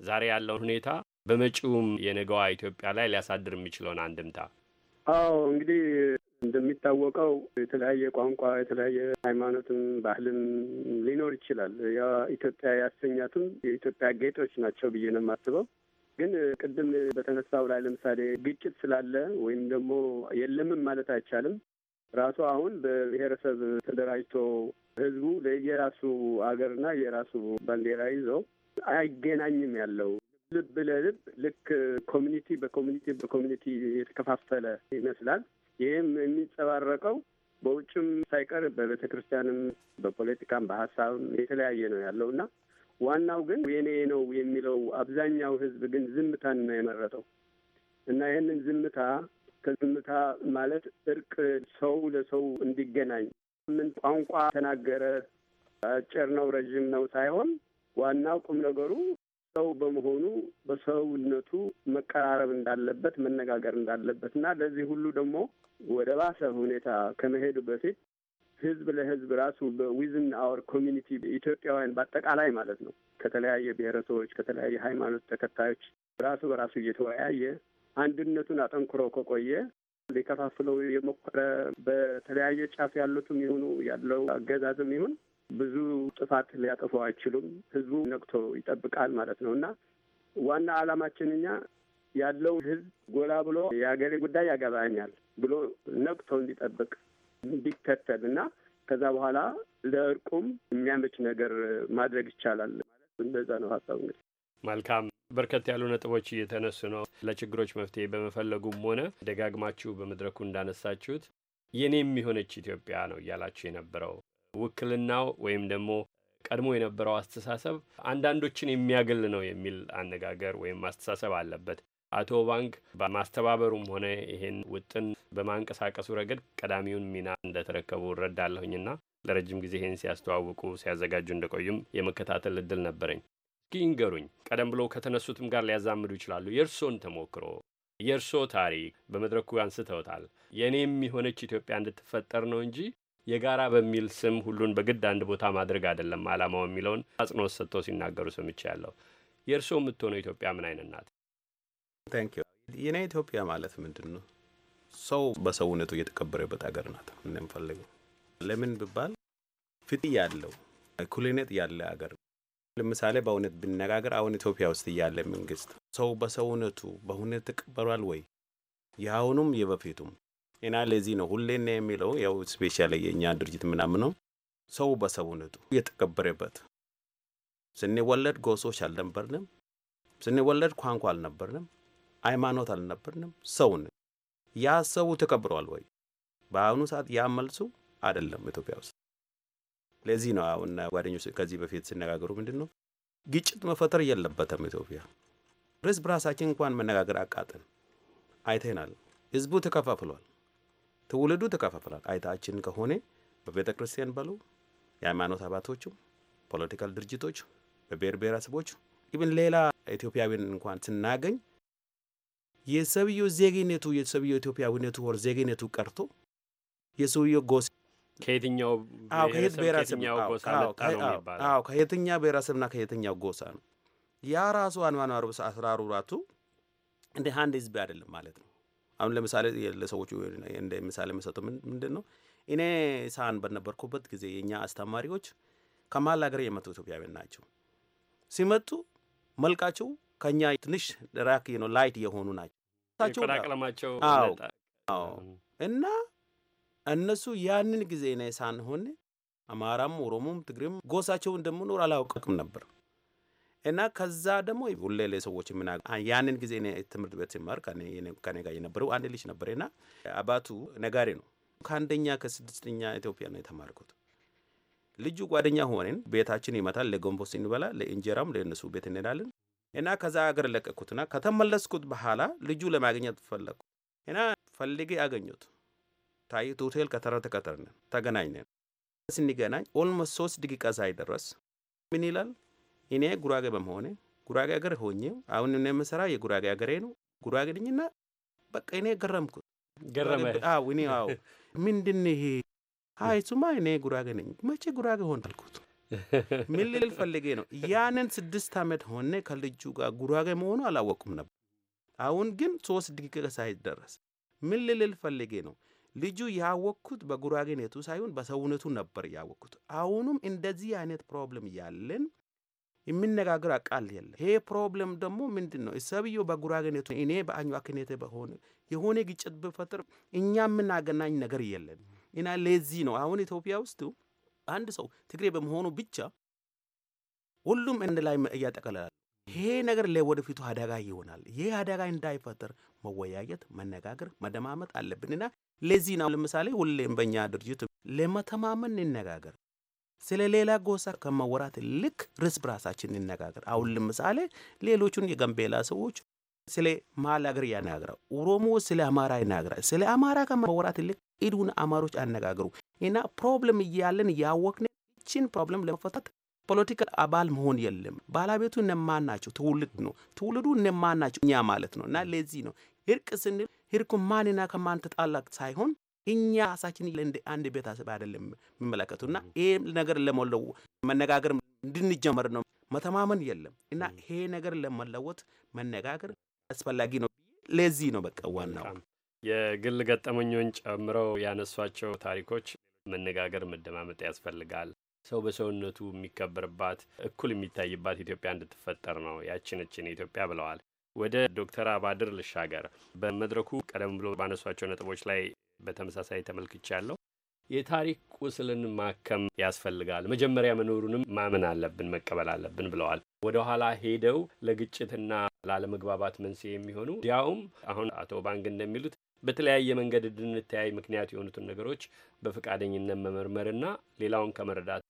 ዛሬ ያለውን ሁኔታ በመጪውም የነገዋ ኢትዮጵያ ላይ ሊያሳድር የሚችለውን አንድምታ። አዎ እንግዲህ እንደሚታወቀው የተለያየ ቋንቋ የተለያየ ሃይማኖትም ባህልም ሊኖር ይችላል። ያ ኢትዮጵያ ያሰኛትም የኢትዮጵያ ጌጦች ናቸው ብዬ ነው የማስበው። ግን ቅድም በተነሳው ላይ ለምሳሌ ግጭት ስላለ ወይም ደግሞ የለምም ማለት አይቻልም። ራሱ አሁን በብሔረሰብ ተደራጅቶ ህዝቡ የራሱ አገርና የራሱ ባንዲራ ይዞ አይገናኝም ያለው ልብ ለልብ ልክ ኮሚኒቲ በኮሚኒቲ በኮሚኒቲ የተከፋፈለ ይመስላል። ይህም የሚንጸባረቀው በውጭም ሳይቀር በቤተ ክርስቲያንም፣ በፖለቲካም፣ በሀሳብም የተለያየ ነው ያለው እና ዋናው ግን የኔ ነው የሚለው አብዛኛው ህዝብ ግን ዝምታን ነው የመረጠው እና ይህንን ዝምታ ከዝምታ ማለት እርቅ ሰው ለሰው እንዲገናኝ ምን ቋንቋ ተናገረ አጭር ነው ረዥም ነው ሳይሆን ዋናው ቁም ነገሩ ሰው በመሆኑ በሰውነቱ መቀራረብ እንዳለበት መነጋገር እንዳለበት እና ለዚህ ሁሉ ደግሞ ወደ ባሰ ሁኔታ ከመሄዱ በፊት ህዝብ ለህዝብ ራሱ በዊዝን አወር ኮሚኒቲ ኢትዮጵያውያን በአጠቃላይ ማለት ነው ከተለያየ ብሔረሰቦች ከተለያየ ሃይማኖት ተከታዮች ራሱ በራሱ እየተወያየ አንድነቱን አጠንክሮ ከቆየ ሊከፋፍለው የሞከረ በተለያየ ጫፍ ያሉትም ይሁኑ ያለው አገዛዝም ይሁን ብዙ ጥፋት ሊያጠፉ አይችሉም። ህዝቡ ነቅቶ ይጠብቃል ማለት ነው እና ዋና አላማችን እኛ ያለው ህዝብ ጎላ ብሎ የአገሬ ጉዳይ ያገባኛል ብሎ ነቅቶ እንዲጠብቅ እንዲከተል እና ከዛ በኋላ ለእርቁም የሚያመች ነገር ማድረግ ይቻላል ማለት እንደዛ ነው ሀሳቡ። እንግዲህ መልካም በርከት ያሉ ነጥቦች እየተነሱ ነው። ለችግሮች መፍትሄ በመፈለጉም ሆነ ደጋግማችሁ በመድረኩ እንዳነሳችሁት የኔ የሚሆነች ኢትዮጵያ ነው እያላችሁ የነበረው ውክልናው ወይም ደግሞ ቀድሞ የነበረው አስተሳሰብ አንዳንዶችን የሚያገል ነው የሚል አነጋገር ወይም አስተሳሰብ አለበት። አቶ ባንክ በማስተባበሩም ሆነ ይሄን ውጥን በማንቀሳቀሱ ረገድ ቀዳሚውን ሚና እንደተረከቡ እረዳለሁኝና ለረጅም ጊዜ ይህን ሲያስተዋውቁ ሲያዘጋጁ እንደቆዩም የመከታተል እድል ነበረኝ። እስኪ ይንገሩኝ፣ ቀደም ብሎ ከተነሱትም ጋር ሊያዛምዱ ይችላሉ። የእርሶን ተሞክሮ የእርሶ ታሪክ በመድረኩ አንስተውታል። የእኔም የሆነች ኢትዮጵያ እንድትፈጠር ነው እንጂ የጋራ በሚል ስም ሁሉን በግድ አንድ ቦታ ማድረግ አይደለም አላማው የሚለውን አጽንኦት ሰጥቶ ሲናገሩ ያለው የእርስዎ የምትሆነው ኢትዮጵያ ምን አይነት ናት? ታንክ ዩ። የኔ ኢትዮጵያ ማለት ምንድን ነው? ሰው በሰውነቱ እየተከበረበት ሀገር ናት እንደምፈልገው። ለምን ብባል ፍትህ ያለው እኩልነት ያለ ሀገር ለምሳሌ በእውነት ብነጋገር አሁን ኢትዮጵያ ውስጥ ያለ መንግስት ሰው በሰውነቱ በእውነት ተቀበሯል ወይ? የአሁኑም የበፊቱም እና ለዚህ ነው ሁሌና የሚለው ያው ስፔሻል የእኛ ድርጅት ምናምን ነው። ሰው በሰውነቱ የተከበረበት ስንወለድ ጎሶች አልነበርንም። ስንወለድ ኳንኳ አልነበርንም። ሃይማኖት አልነበርንም። ሰውን ያ ሰው ተከብረዋል ወይ? በአሁኑ ሰዓት ያ መልሱ አይደለም ኢትዮጵያ ውስጥ። ለዚህ ነው አሁን ጓደኞች ከዚህ በፊት ሲነጋገሩ ምንድን ነው ግጭት መፈጠር የለበትም ኢትዮጵያ። እርስ በራሳችን እንኳን መነጋገር አቃጥን አይተናል። ህዝቡ ተከፋፍሏል። ትውልዱ ተከፋፍሏል። አይታችን ከሆነ በቤተ ክርስቲያን በሉ የሃይማኖት አባቶቹ፣ ፖለቲካል ድርጅቶች፣ በብሔር ብሔረሰቦች ግን ሌላ ኢትዮጵያዊን እንኳን ስናገኝ የሰብዮ ዜግነቱ የሰውየው ኢትዮጵያዊነቱ ወር ዜግነቱ ቀርቶ የሰብዮ ጎስ ከየትኛው ከየትኛው ብሔረሰብና ከየትኛው ጎሳ ነው ያ ራሱ አኗኗሩ አስራሩ ራቱ እንደ አንድ ህዝብ አይደለም ማለት ነው። አሁን ለምሳሌ ለሰዎቹ እንደ ምሳሌ መሰጠው ምንድን ነው እኔ ሳን በነበርኩበት ጊዜ የእኛ አስተማሪዎች ከመሀል ሀገር የመጡ ኢትዮጵያውያን ናቸው። ሲመጡ መልቃቸው ከኛ ትንሽ ራክ ነው ላይት የሆኑ ናቸው። አዎ እና እነሱ ያንን ጊዜ እኔ ሆን አማራም፣ ኦሮሞም፣ ትግሬም ጎሳቸው እንደምኖር አላውቅም ነበር። እና ከዛ ደግሞ ሁሌ ሰዎች የምና ያንን ጊዜ ትምህርት ቤት ሲማር ከኔ ጋር የነበረው አንድ ልጅ ነበር እና አባቱ ነጋሪ ነው። ከአንደኛ ከስድስተኛ ኢትዮጵያ ነው የተማርኩት። ልጁ ጓደኛ ሆነን ቤታችን ይመታል። ለገንፎ ስንበላ ለእንጀራም ለእነሱ ቤት እንሄዳለን እና ከዛ ሀገር ለቀኩትና ከተመለስኩት በኋላ ልጁ ለማግኘት ፈለግኩ እና ፈልጌ አገኙት። ታይት ሆቴል ከተረ ተቀጠርን፣ ተገናኝነን። ስንገናኝ ኦልሞስት ሶስት ደቂቃ ሳይደረስ ምን ይላል እኔ ጉራጌ በመሆኔ ጉራጌ ሀገር ሆኜ አሁን እኔ የምሰራ የጉራጌ ሀገሬ ነው። ጉራጌ ነኝና በቃ እኔ ገረምኩ። ገረመ? አዎ እኔ አዎ። ምንድን ይሄ አይሱማ እኔ ጉራጌ ነኝ መቼ ጉራጌ ሆን አልኩት። ምን ልል ፈልጌ ነው? ያንን ስድስት ዓመት ሆነ ከልጁ ጋር ጉራጌ መሆኑ አላወቁም ነበር። አሁን ግን ሶስት ደቂቃ ሳይደረስ ምን ልል ፈልጌ ነው? ልጁ ያወቅኩት በጉራጌነቱ ሳይሆን በሰውነቱ ነበር ያወቅኩት። አሁኑም እንደዚህ አይነት ፕሮብለም ያለን የሚነጋገር አቃል የለ ይሄ ፕሮብለም ደግሞ ምንድን ነው? ሰብዮ በጉራገኔቱ እኔ በአኙ አክኔቴ በሆነ የሆነ ግጭት ብፈጥር እኛ የምናገናኝ ነገር የለን እና ለዚህ ነው አሁን ኢትዮጵያ ውስጥ አንድ ሰው ትግሬ በመሆኑ ብቻ ሁሉም እንድ ላይ እያጠቀለላል። ይሄ ነገር ለወደፊቱ አደጋ ይሆናል። ይሄ አደጋ እንዳይፈጥር መወያየት፣ መነጋገር፣ መደማመጥ አለብንና ለዚህ ነው ለምሳሌ ሁሌም በእኛ ድርጅት ለመተማመን እንነጋገር ስለ ሌላ ጎሳ ከማወራት ልክ ርስ ብራሳችን እንነጋገር። አሁን ለምሳሌ ሌሎቹን የገንቤላ ሰዎች ስለ ማል አገር ያናግራል፣ ኦሮሞ ስለ አማራ ይናገራል። ስለ አማራ ከማወራት ልክ ኢዱን አማሮች አነጋግሩ እና ፕሮብለም እያለን ያወቅን ችን ፕሮብለም ለመፈታት ፖለቲካል አባል መሆን የለም። ባለቤቱ እነማን ናቸው? ትውልድ ነው። ትውልዱ እነማን ናቸው? እኛ ማለት ነው። እና ለዚህ ነው እርቅ ስንል እርቁ ማንና ከማን ተጣላቅ ሳይሆን እኛ ራሳችን እንደ አንድ ቤተሰብ አይደለም የሚመለከቱ እና ይህ ነገር ለመለው መነጋገር እንድንጀመር ነው። መተማመን የለም እና ይሄ ነገር ለመለወት መነጋገር አስፈላጊ ነው። ለዚህ ነው በቃ ዋናው የግል ገጠመኞን ጨምረው ያነሷቸው ታሪኮች መነጋገር፣ መደማመጥ ያስፈልጋል። ሰው በሰውነቱ የሚከበርባት እኩል የሚታይባት ኢትዮጵያ እንድትፈጠር ነው ያችንችን ኢትዮጵያ ብለዋል። ወደ ዶክተር አባድር ልሻገር። በመድረኩ ቀደም ብሎ ባነሷቸው ነጥቦች ላይ በተመሳሳይ ተመልክቻለሁ። የታሪክ ቁስልን ማከም ያስፈልጋል። መጀመሪያ መኖሩንም ማመን አለብን፣ መቀበል አለብን ብለዋል። ወደ ኋላ ሄደው ለግጭትና ላለመግባባት መንስኤ የሚሆኑ እንዲያውም አሁን አቶ ባንግ እንደሚሉት በተለያየ መንገድ እንድንተያይ ምክንያት የሆኑትን ነገሮች በፈቃደኝነት መመርመርና ሌላውን ከመረዳት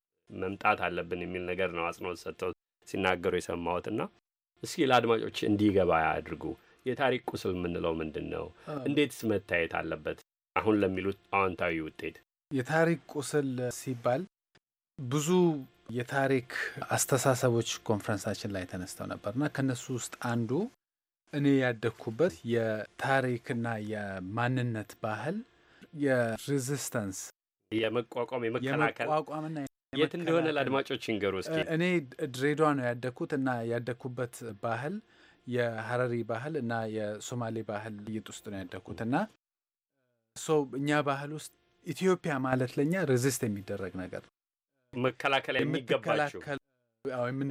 መምጣት አለብን የሚል ነገር ነው አጽንኦት ሰጥተው ሲናገሩ የሰማሁትና እስኪ ለአድማጮች እንዲገባ ያድርጉ። የታሪክ ቁስል የምንለው ምንድን ነው? እንዴትስ መታየት አለበት? አሁን ለሚሉት አዋንታዊ ውጤት የታሪክ ቁስል ሲባል ብዙ የታሪክ አስተሳሰቦች ኮንፈረንሳችን ላይ ተነስተው ነበርና ከነሱ ውስጥ አንዱ እኔ ያደግኩበት የታሪክና የማንነት ባህል የሬዚስተንስ የመቋቋም የመከላከል የመቋቋምና የት እንደሆነ ለአድማጮች ንገሩ እስኪ። እኔ ድሬዳዋ ነው ያደግኩት እና ያደግኩበት ባህል የሀረሪ ባህል እና የሶማሌ ባህል ይጥ ውስጥ ነው ያደግኩት እና እኛ ባህል ውስጥ ኢትዮጵያ ማለት ለእኛ ሬዚስት የሚደረግ ነገር መከላከል የሚገባቸው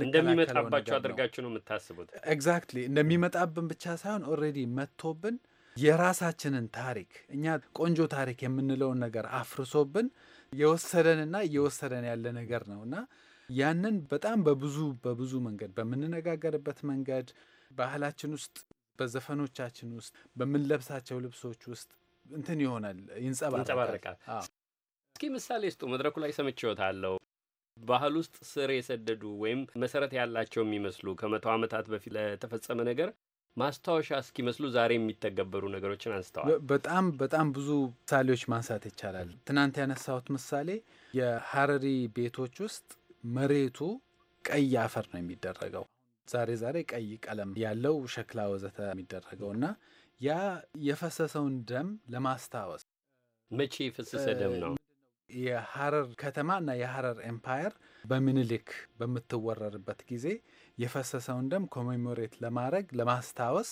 እንደሚመጣባቸው አድርጋችሁ ነው የምታስቡት? ኤግዛክትሊ እንደሚመጣብን ብቻ ሳይሆን ኦልሬዲ መጥቶብን የራሳችንን ታሪክ እኛ ቆንጆ ታሪክ የምንለውን ነገር አፍርሶብን የወሰደንና እየወሰደን ያለ ነገር ነው እና ያንን በጣም በብዙ በብዙ መንገድ በምንነጋገርበት መንገድ ባህላችን ውስጥ፣ በዘፈኖቻችን ውስጥ፣ በምንለብሳቸው ልብሶች ውስጥ እንትን ይሆናል ይንጸባረቃል። እስኪ ምሳሌ ስጡ። መድረኩ ላይ ሰምቼዎታለሁ። ባህል ውስጥ ስር የሰደዱ ወይም መሰረት ያላቸው የሚመስሉ ከመቶ ዓመታት በፊት ለተፈጸመ ነገር ማስታወሻ እስኪመስሉ ዛሬ የሚተገበሩ ነገሮችን አንስተዋል። በጣም በጣም ብዙ ምሳሌዎች ማንሳት ይቻላል። ትናንት ያነሳሁት ምሳሌ የሀረሪ ቤቶች ውስጥ መሬቱ ቀይ አፈር ነው የሚደረገው። ዛሬ ዛሬ ቀይ ቀለም ያለው ሸክላ ወዘተ የሚደረገው እና ያ የፈሰሰውን ደም ለማስታወስ መቼ የፈሰሰ ደም ነው? የሐረር ከተማ እና የሐረር ኤምፓየር በምኒልክ በምትወረርበት ጊዜ የፈሰሰውን ደም ኮሜሞሬት ለማድረግ ለማስታወስ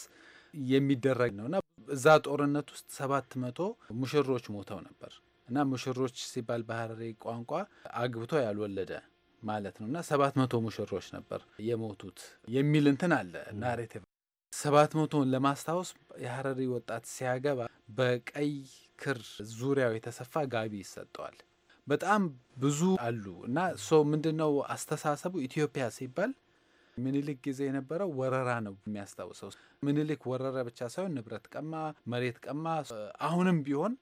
የሚደረግ ነው እና እዛ ጦርነት ውስጥ ሰባት መቶ ሙሽሮች ሞተው ነበር እና ሙሽሮች ሲባል በሐረሪ ቋንቋ አግብቶ ያልወለደ ማለት ነው እና ሰባት መቶ ሙሽሮች ነበር የሞቱት የሚል እንትን አለ ናሬቲቭ ሰባት መቶውን ለማስታወስ የሀረሪ ወጣት ሲያገባ በቀይ ክር ዙሪያው የተሰፋ ጋቢ ይሰጠዋል። በጣም ብዙ አሉ እና ሶ ምንድነው አስተሳሰቡ? ኢትዮጵያ ሲባል ምኒልክ ጊዜ የነበረው ወረራ ነው የሚያስታውሰው። ምኒልክ ወረራ ብቻ ሳይሆን ንብረት ቀማ፣ መሬት ቀማ። አሁንም ቢሆን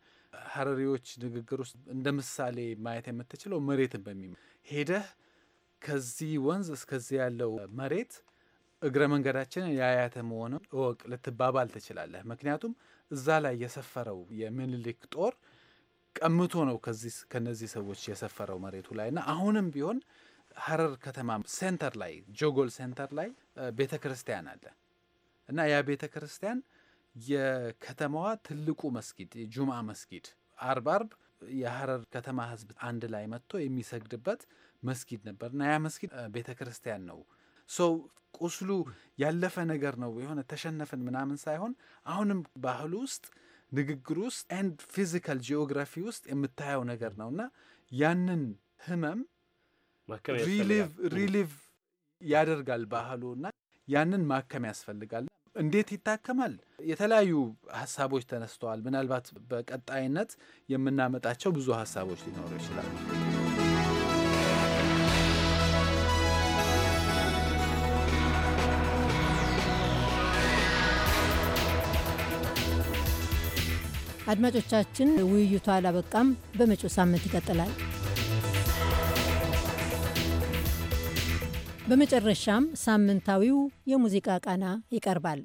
ሀረሪዎች ንግግር ውስጥ እንደ ምሳሌ ማየት የምትችለው መሬትን በሚ ሄደህ ከዚህ ወንዝ እስከዚህ ያለው መሬት እግረ መንገዳችንን የአያተ መሆኑን እወቅ ልትባባል ትችላለህ። ምክንያቱም እዛ ላይ የሰፈረው የምኒልክ ጦር ቀምቶ ነው ከዚህ ከነዚህ ሰዎች የሰፈረው መሬቱ ላይ እና አሁንም ቢሆን ሀረር ከተማ ሴንተር ላይ ጆጎል ሴንተር ላይ ቤተ ክርስቲያን አለ እና ያ ቤተ ክርስቲያን የከተማዋ ትልቁ መስጊድ የጁምአ መስጊድ አርብ አርብ የሀረር ከተማ ህዝብ አንድ ላይ መጥቶ የሚሰግድበት መስጊድ ነበር እና ያ መስጊድ ቤተ ክርስቲያን ነው። ሶ ቁስሉ ያለፈ ነገር ነው የሆነ ተሸነፍን ምናምን ሳይሆን አሁንም ባህል ውስጥ ንግግር ውስጥ ኤንድ ፊዚካል ጂኦግራፊ ውስጥ የምታየው ነገር ነው እና ያንን ህመም ሪሊቭ ያደርጋል ባህሉ እና ያንን ማከም ያስፈልጋል። እንዴት ይታከማል? የተለያዩ ሀሳቦች ተነስተዋል። ምናልባት በቀጣይነት የምናመጣቸው ብዙ ሀሳቦች ሊኖሩ ይችላሉ። አድማጮቻችን፣ ውይይቱ አላበቃም። በመጪው ሳምንት ይቀጥላል። በመጨረሻም ሳምንታዊው የሙዚቃ ቃና ይቀርባል።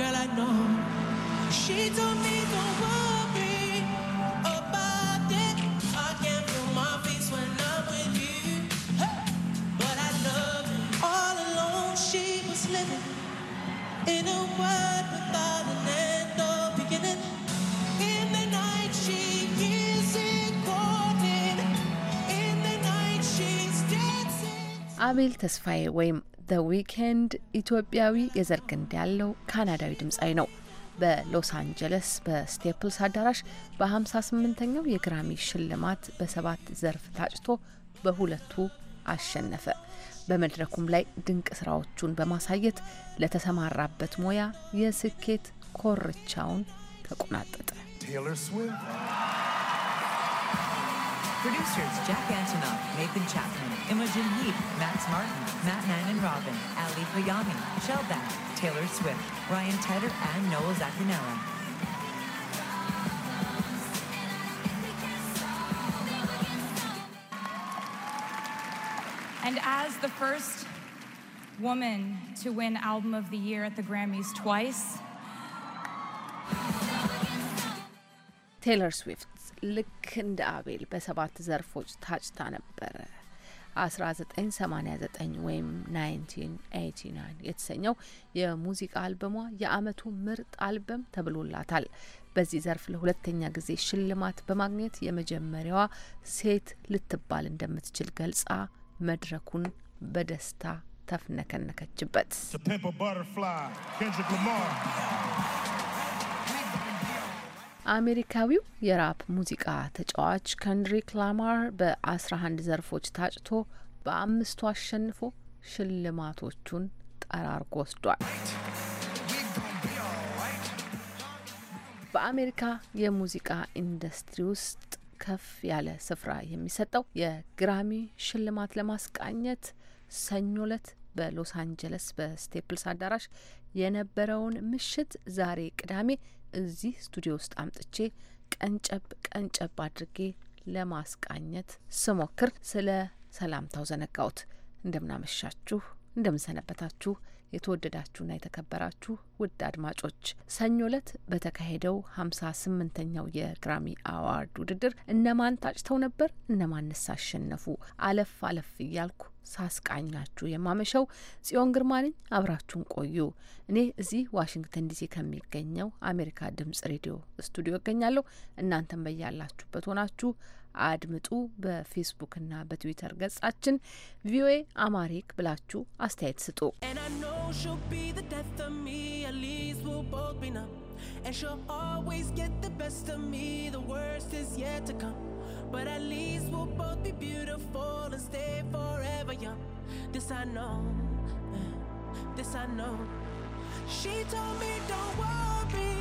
Girl, I know she told me don't worry. አቤል ተስፋዬ ወይም ዘ ዊኬንድ ኢትዮጵያዊ የዘር ግንድ ያለው ካናዳዊ ድምፃዊ ነው። በሎስ አንጀለስ በስቴፕልስ አዳራሽ በ58ኛው የግራሚ ሽልማት በሰባት ዘርፍ ታጭቶ በሁለቱ አሸነፈ። በመድረኩም ላይ ድንቅ ስራዎቹን በማሳየት ለተሰማራበት ሙያ የስኬት ኮርቻውን ተቆናጠጠ። Producers Jack Antonoff, Nathan Chapman, Imogen Heap, Max Martin, Matt Nine and Robin, Ali Fayami, Shellback, Taylor Swift, Ryan Tedder, and Noel Zaccanella. And as the first woman to win Album of the Year at the Grammys twice, Taylor Swift. ልክ እንደ አቤል በሰባት ዘርፎች ታጭታ ነበረ። 1989 ወይም 1989 የተሰኘው የሙዚቃ አልበሟ የአመቱ ምርጥ አልበም ተብሎላታል። በዚህ ዘርፍ ለሁለተኛ ጊዜ ሽልማት በማግኘት የመጀመሪያዋ ሴት ልትባል እንደምትችል ገልጻ መድረኩን በደስታ ተፍነከነከችበት። አሜሪካዊው የራፕ ሙዚቃ ተጫዋች ከንድሪክ ላማር በ11 ዘርፎች ታጭቶ በአምስቱ አሸንፎ ሽልማቶቹን ጠራርጎ ወስዷል። በአሜሪካ የሙዚቃ ኢንዱስትሪ ውስጥ ከፍ ያለ ስፍራ የሚሰጠው የግራሚ ሽልማት ለማስቃኘት ሰኞ ለት በሎስ አንጀለስ በስቴፕልስ አዳራሽ የነበረውን ምሽት ዛሬ ቅዳሜ እዚህ ስቱዲዮ ውስጥ አምጥቼ ቀንጨብ ቀንጨብ አድርጌ ለማስቃኘት ስሞክር ስለ ሰላምታው ዘነጋሁት። እንደምናመሻችሁ እንደምንሰነበታችሁ የተወደዳችሁና የተከበራችሁ ውድ አድማጮች ሰኞ ለት በተካሄደው ሀምሳ ስምንተኛው የግራሚ አዋርድ ውድድር እነማን ታጭተው ነበር? እነማንስ አሸነፉ? አለፍ አለፍ እያልኩ ሳስቃኛችሁ የማመሸው ጽዮን ግርማ ነኝ። አብራችሁን ቆዩ። እኔ እዚህ ዋሽንግተን ዲሲ ከሚገኘው አሜሪካ ድምጽ ሬዲዮ ስቱዲዮ እገኛለሁ። እናንተም በያላችሁበት ሆናችሁ አድምጡ። በፌስቡክና በትዊተር ገጻችን ቪኦኤ አማሪክ ብላችሁ አስተያየት ስጡ። And and she'll always get the The best of me. worst is yet to come. But at least we'll both be beautiful stay forever young. This This I I know. know. She told me don't worry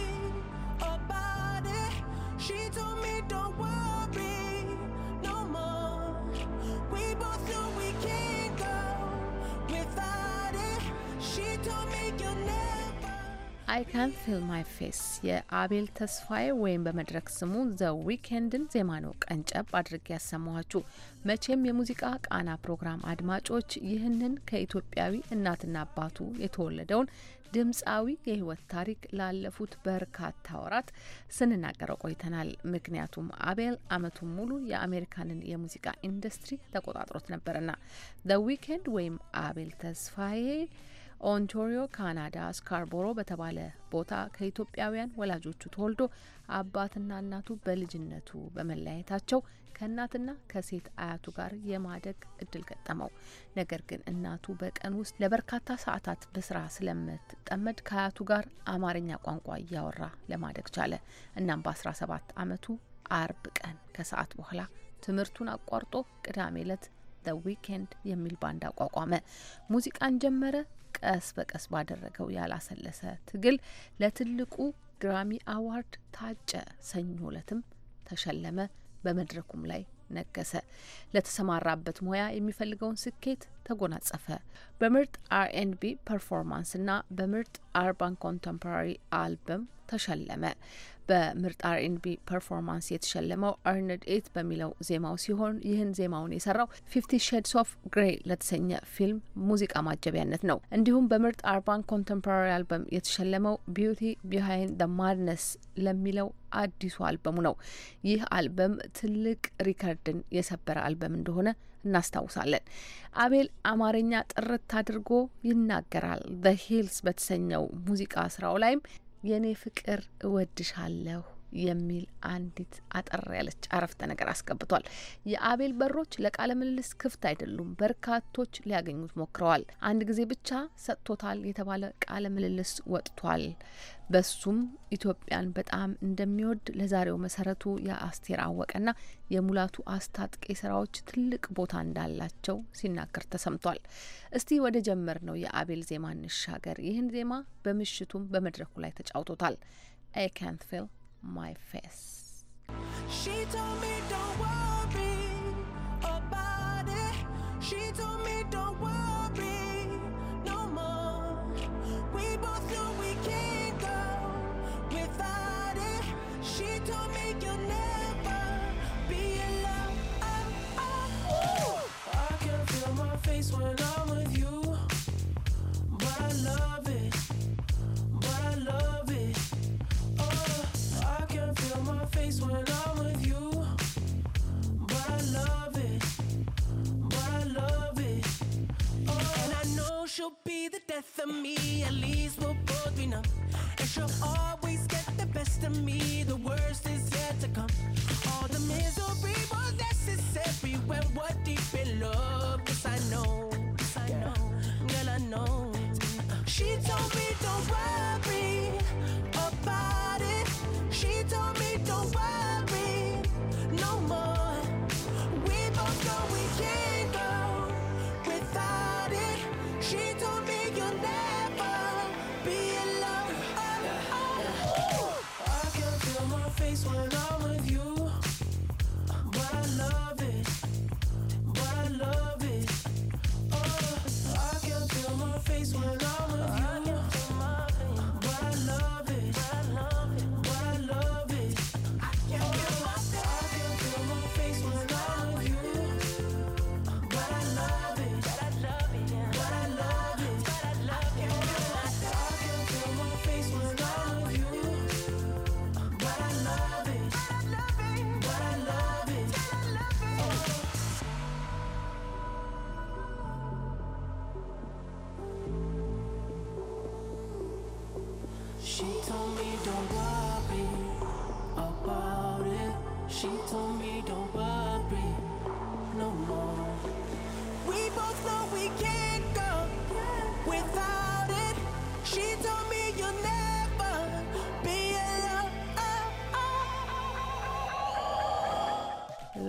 about it. She told me don't worry. አይ ካን ፊል ማይ ፌስ የአቤል ተስፋዬ ወይም በመድረክ ስሙ ዘ ዊኬንድን ዜማ ነው ቀንጨብ አድርጌ ያሰማኋችሁ። መቼም የሙዚቃ ቃና ፕሮግራም አድማጮች ይህንን ከኢትዮጵያዊ እናትና አባቱ የተወለደውን ድምፃዊ የህይወት ታሪክ ላለፉት በርካታ ወራት ስንናገረው ቆይተናል። ምክንያቱም አቤል አመቱን ሙሉ የአሜሪካንን የሙዚቃ ኢንዱስትሪ ተቆጣጥሮት ነበርና ዘ ዊኬንድ ወይም አቤል ተስፋዬ ኦንቶሪዮ ካናዳ ስካርቦሮ በተባለ ቦታ ከኢትዮጵያውያን ወላጆቹ ተወልዶ አባትና እናቱ በልጅነቱ በመለያየታቸው ከእናትና ከሴት አያቱ ጋር የማደግ እድል ገጠመው። ነገር ግን እናቱ በቀን ውስጥ ለበርካታ ሰዓታት በስራ ስለምትጠመድ ከአያቱ ጋር አማርኛ ቋንቋ እያወራ ለማደግ ቻለ። እናም በ17 ዓመቱ አርብ ቀን ከሰዓት በኋላ ትምህርቱን አቋርጦ ቅዳሜ ዕለት ዘ ዊኬንድ የሚል ባንድ አቋቋመ። ሙዚቃን ጀመረ። ቀስ በቀስ ባደረገው ያላሰለሰ ትግል ለትልቁ ግራሚ አዋርድ ታጨ። ሰኞ ዕለትም ተሸለመ። በመድረኩም ላይ ነገሰ። ለተሰማራበት ሙያ የሚፈልገውን ስኬት ተጎናጸፈ። በምርጥ አርኤንቢ ፐርፎርማንስ በምርጥ አርባን ኮንተምፖራሪ አልበም ተሸለመ። በምርጥ አርኤንቢ ፐርፎርማንስ የተሸለመው አርንድ ኤት በሚለው ዜማው ሲሆን ይህን ዜማውን የሰራው ፊፍቲ ሼድስ ኦፍ ግሬ ለተሰኘ ፊልም ሙዚቃ ማጀቢያነት ነው። እንዲሁም በምርጥ አርባን ኮንተምፖራሪ አልበም የተሸለመው ቢዩቲ ቢሃይንድ ደ ማድነስ ለሚለው አዲሱ አልበሙ ነው። ይህ አልበም ትልቅ ሪከርድን የሰበረ አልበም እንደሆነ እናስታውሳለን። አቤል አማርኛ ጥርት አድርጎ ይናገራል ሂልስ በተሰኘው ሙዚቃ ስራው ላይም የእኔ ፍቅር እወድሻለሁ የሚል አንዲት አጠር ያለች አረፍተ ነገር አስገብቷል። የአቤል በሮች ለቃለ ምልልስ ክፍት አይደሉም። በርካቶች ሊያገኙት ሞክረዋል። አንድ ጊዜ ብቻ ሰጥቶታል የተባለ ቃለ ምልልስ ወጥቷል። በሱም ኢትዮጵያን በጣም እንደሚወድ ለዛሬው መሰረቱ የአስቴር አወቀና የሙላቱ አስታጥቄ ስራዎች ትልቅ ቦታ እንዳላቸው ሲናገር ተሰምቷል። እስቲ ወደ ጀመር ነው የአቤል ዜማ እንሻገር። ይህን ዜማ በምሽቱም በመድረኩ ላይ ተጫውቶታል። አይ ካንት ፌል my face. She told me don't worry about it. She told me don't worry no more. We both know we can't go without it. She told me you'll never. death of me, at least we'll both be numb. And she'll always get the best of me, the worst is yet to come. All the misery was necessary when we're deep in love. Yes, I know, yes, I know, girl, I know. She told me, don't worry.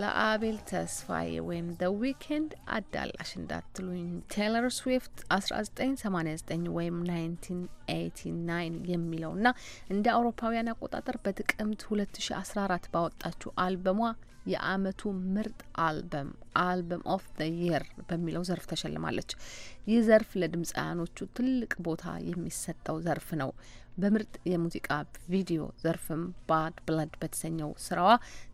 ለአቤል ተስፋዬ ወይም ደ ዊኬንድ አዳላሽ እንዳትሉኝ። ቴይለር ስዊፍት 1989 ወይም 19 የሚለው ና እንደ አውሮፓውያን አቆጣጠር በጥቅምት 2014 ባወጣችው አልበሟ የአመቱ ምርጥ አልበም አልበም ኦፍ ዘ የር በሚለው ዘርፍ ተሸልማለች። ይህ ዘርፍ ለድምፃያኖቹ ትልቅ ቦታ የሚሰጠው ዘርፍ ነው። በምርጥ የሙዚቃ ቪዲዮ ዘርፍም ባድ ብለድ በተሰኘው ስራዋ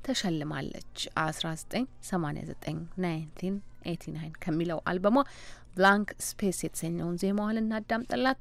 ተሸልማለች። 1989 1989 ከሚለው አልበሟ ብላንክ ስፔስ የተሰኘውን ዜማዋን እናዳምጥላት።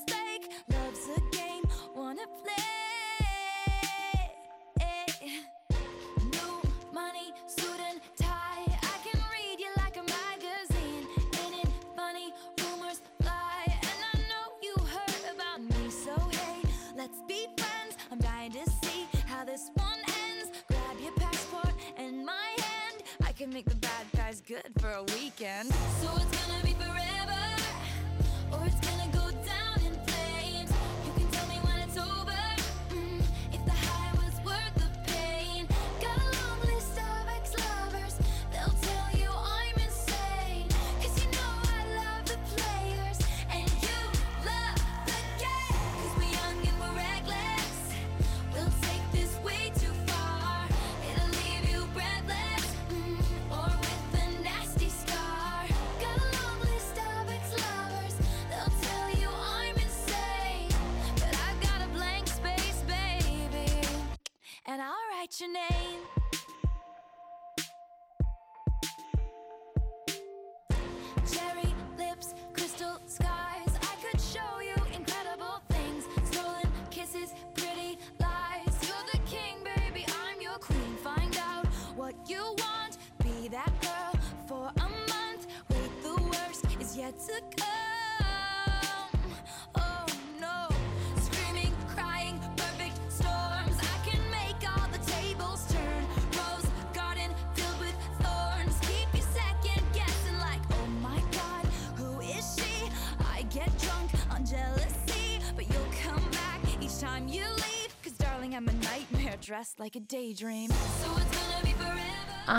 good for a weekend. So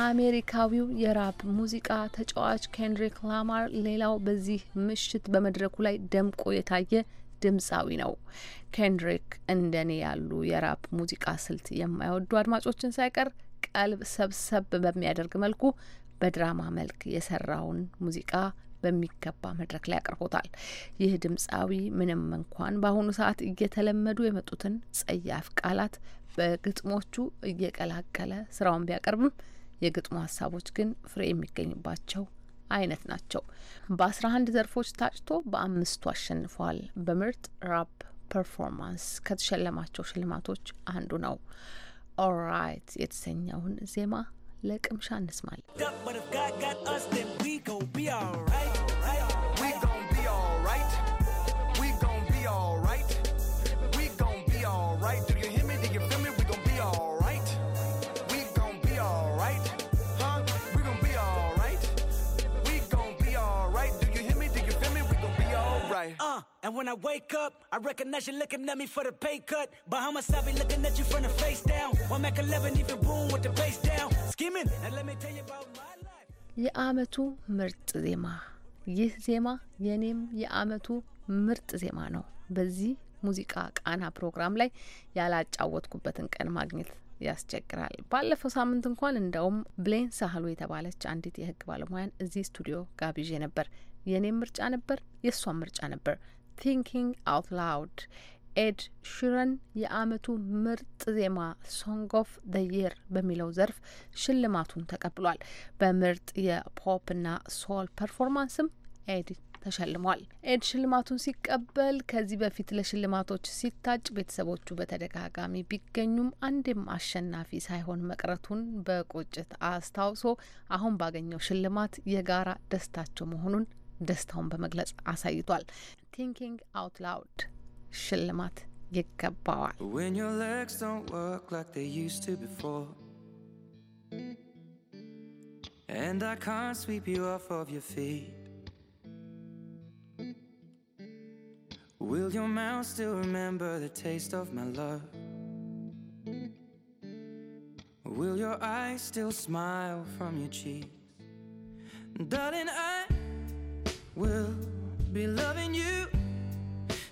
አሜሪካዊው የራፕ ሙዚቃ ተጫዋች ኬንድሪክ ላማር ሌላው በዚህ ምሽት በመድረኩ ላይ ደምቆ የታየ ድምፃዊ ነው። ኬንድሪክ እንደኔ ያሉ የራፕ ሙዚቃ ስልት የማይወዱ አድማጮችን ሳይቀር ቀልብ ሰብሰብ በሚያደርግ መልኩ በድራማ መልክ የሰራውን ሙዚቃ በሚገባ መድረክ ላይ አቅርቦታል። ይህ ድምፃዊ ምንም እንኳን በአሁኑ ሰዓት እየተለመዱ የመጡትን ጸያፍ ቃላት በግጥሞቹ እየቀላቀለ ስራውን ቢያቀርብም የግጥሙ ሀሳቦች ግን ፍሬ የሚገኝባቸው አይነት ናቸው። በአስራ አንድ ዘርፎች ታጭቶ በአምስቱ አሸንፏል። በምርጥ ራፕ ፐርፎርማንስ ከተሸለማቸው ሽልማቶች አንዱ ነው። ኦራይት የተሰኘውን ዜማ ለቅምሻ እንስማለን። guy. Uh, and when I wake up, I recognize you looking at me for the pay cut. Bahamas, I be looking at you from the face down. One Mac 11 even boom with the face down. Skimming, and let me tell you about my life. የአመቱ ምርጥ ዜማ ይህ ዜማ የኔም የአመቱ ምርጥ ዜማ ነው። በዚህ ሙዚቃ ቃና ፕሮግራም ላይ ያላጫወትኩበትን ቀን ማግኘት ያስቸግራል። ባለፈው ሳምንት እንኳን እንደውም ብሌን ሳህሉ የተባለች አንዲት የህግ ባለሙያን እዚህ ስቱዲዮ ጋብዤ ነበር። የእኔም ምርጫ ነበር፣ የእሷም ምርጫ ነበር። ቲንኪንግ አውት ላውድ ኤድ ሽረን የአመቱ ምርጥ ዜማ ሶንግ ኦፍ ደ የር በሚለው ዘርፍ ሽልማቱን ተቀብሏል። በምርጥ የፖፕና ሶል ፐርፎርማንስም ኤድ ተሸልሟል። ኤድ ሽልማቱን ሲቀበል ከዚህ በፊት ለሽልማቶች ሲታጭ ቤተሰቦቹ በተደጋጋሚ ቢገኙም አንድም አሸናፊ ሳይሆን መቅረቱን በቁጭት አስታውሶ አሁን ባገኘው ሽልማት የጋራ ደስታቸው መሆኑን ደስታውን በመግለጽ አሳይቷል። ቲንኪንግ አውት ላውድ ሽልማት ይገባዋል። And I can't sweep you off of your feet. Will your mouth still remember the taste of my love? Will your eyes still smile from your cheeks? Darling, I We'll be loving you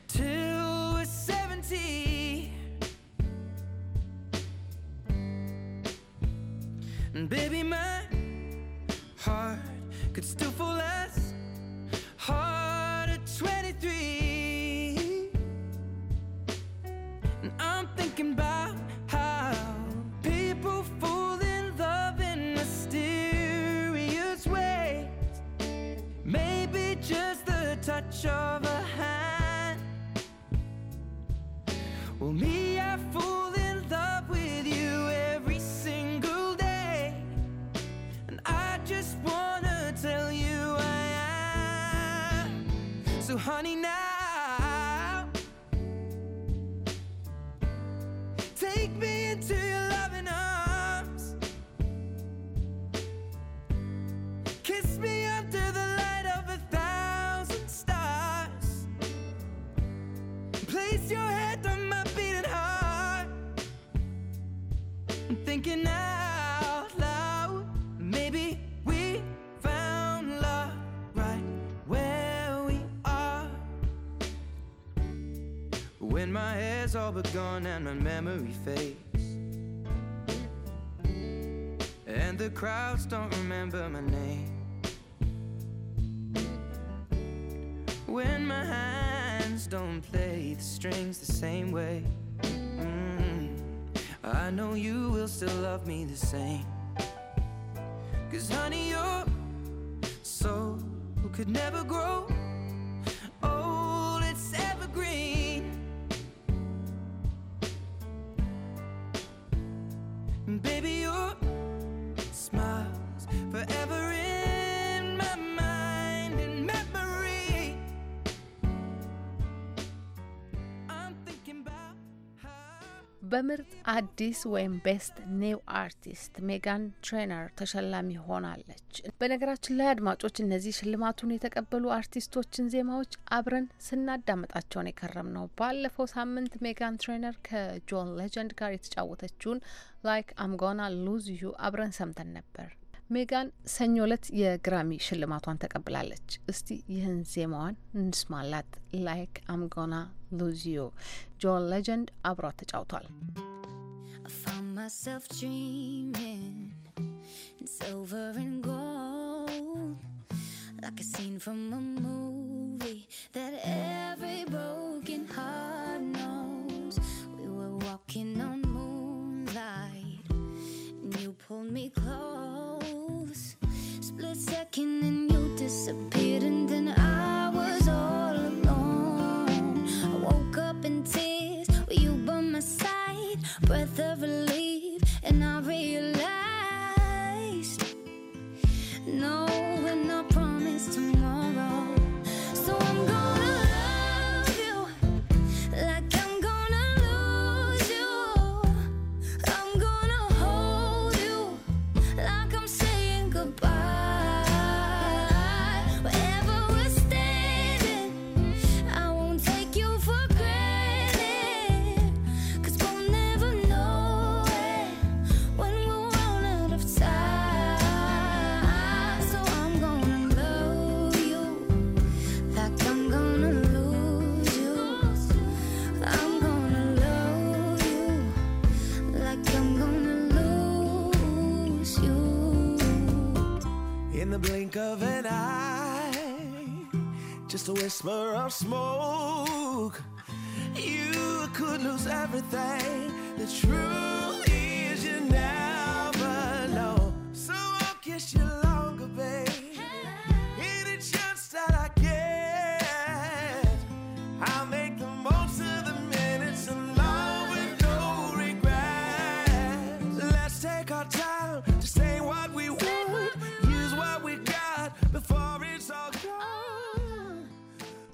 till we're 70. And baby, my heart could still fall as hard at 23. And I'm thinking about. gun and my memory fades. And the crowds don't remember my name. When my hands don't play the strings the same way, mm I know you will still love me the same. Cause honey, your soul could never grow. በምርጥ አዲስ ወይም ቤስት ኒው አርቲስት ሜጋን ትሬነር ተሸላሚ ሆናለች። በነገራችን ላይ አድማጮች እነዚህ ሽልማቱን የተቀበሉ አርቲስቶችን ዜማዎች አብረን ስናዳምጣቸውን የከረም ነው። ባለፈው ሳምንት ሜጋን ትሬነር ከጆን ሌጀንድ ጋር የተጫወተችውን ላይክ አምጎና ሉዝ ዩ አብረን ሰምተን ነበር። ሜጋን ሰኞ እለት የግራሚ ሽልማቷን ተቀብላለች። እስቲ ይህን ዜማዋን እንስማላት። ላይክ አም ጎና ሉዝ ዩ ጆን ሌጀንድ አብሯት ተጫውቷል። Pulled me close split second and you disappeared and then I was all alone. I woke up in tears you by my side, breath of relief. in the blink of an eye, just a whisper of smoke. You could lose everything. The truth.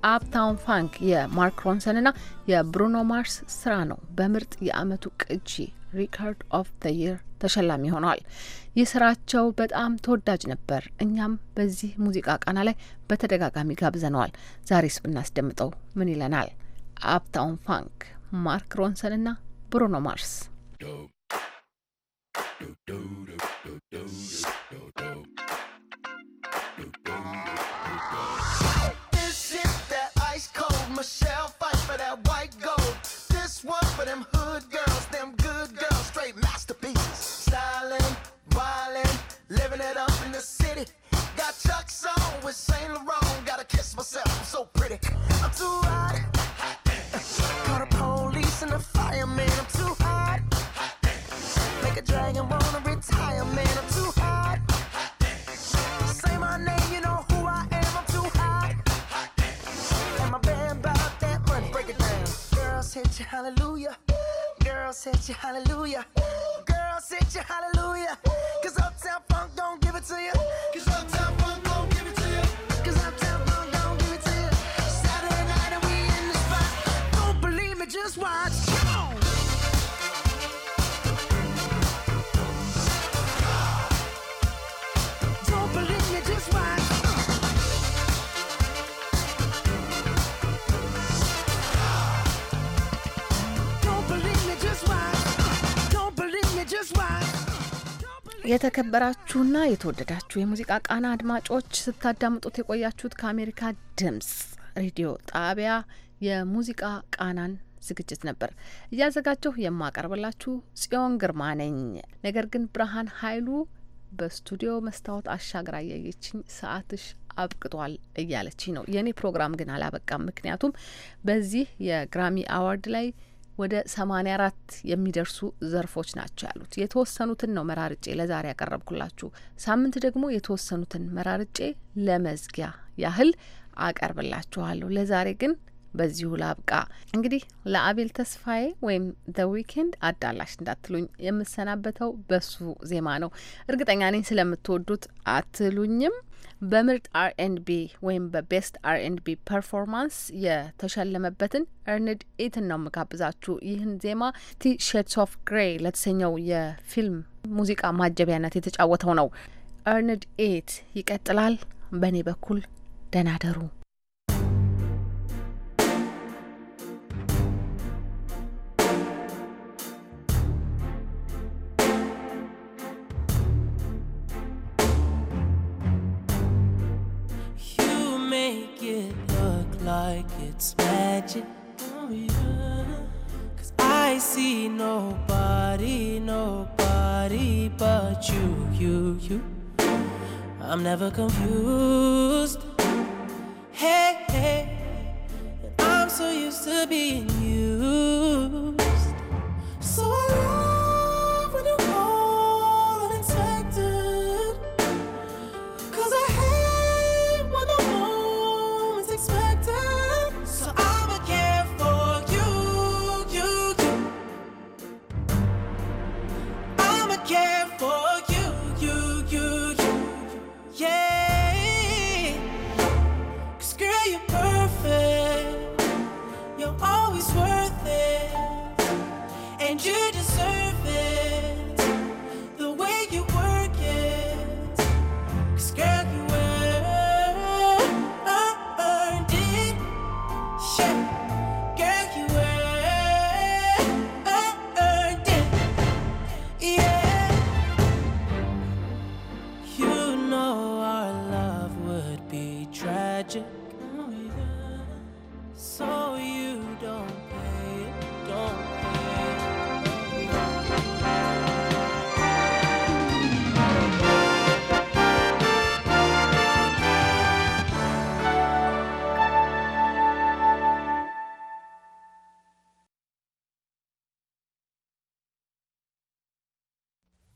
የአፕታውን ፋንክ የማርክ ሮንሰን ና የብሩኖ ማርስ ስራ ነው በምርጥ የአመቱ ቅጂ ሪካርድ ኦፍ ዘ የር ተሸላሚ ሆነዋል። ይህ ስራቸው በጣም ተወዳጅ ነበር። እኛም በዚህ ሙዚቃ ቃና ላይ በተደጋጋሚ ጋብዘነዋል። ዛሬስ ብናስደምጠው ምን ይለናል? አፕታውን ፋንክ ማርክ ሮንሰን ብሩኖ ማርስ the city. Got Chuck's on with Saint Laurent. Gotta kiss myself, I'm so pretty. I'm too hot. hot Call the police and the fireman. I'm too hot. Make a dragon wanna retire, man. I'm too hot. Say my name, you know who I am. I'm too hot. and my band about that money. Break it down. Girls hit you, hallelujah. Girl, set you hallelujah. Girl, set you hallelujah. Cause Uptown Funk don't give it to you. Cause Uptown የተከበራችሁና የተወደዳችሁ የሙዚቃ ቃና አድማጮች ስታዳምጡት የቆያችሁት ከአሜሪካ ድምጽ ሬዲዮ ጣቢያ የሙዚቃ ቃናን ዝግጅት ነበር። እያዘጋጀሁ የማቀርብላችሁ ጽዮን ግርማ ነኝ። ነገር ግን ብርሃን ኃይሉ በስቱዲዮ መስታወት አሻግራ እያየችኝ ሰዓትሽ አብቅቷል እያለችኝ ነው። የእኔ ፕሮግራም ግን አላበቃም። ምክንያቱም በዚህ የግራሚ አዋርድ ላይ ወደ 84 የሚደርሱ ዘርፎች ናቸው ያሉት። የተወሰኑትን ነው መራርጬ ለዛሬ ያቀረብኩላችሁ። ሳምንት ደግሞ የተወሰኑትን መራርጬ ለመዝጊያ ያህል አቀርብላችኋለሁ። ለዛሬ ግን በዚሁ ላብቃ። እንግዲህ ለአቤል ተስፋዬ ወይም ዘ ዊኬንድ አዳላሽ እንዳትሉኝ፣ የምሰናበተው በሱ ዜማ ነው። እርግጠኛ ነኝ ስለምትወዱት አትሉኝም። በምርጥ አርኤንቢ ወይም በቤስት አርኤንቢ ፐርፎርማንስ የተሸለመበትን እርንድ ኢትን ነው የምጋብዛችሁ። ይህን ዜማ ቲ ሼድስ ኦፍ ግሬ ለተሰኘው የፊልም ሙዚቃ ማጀቢያነት የተጫወተው ነው። እርንድ ኢት ይቀጥላል። በእኔ በኩል ደናደሩ like it's magic. Oh, yeah. Cause I see nobody, nobody but you, you, you. I'm never confused. Hey, hey, I'm so used to being you.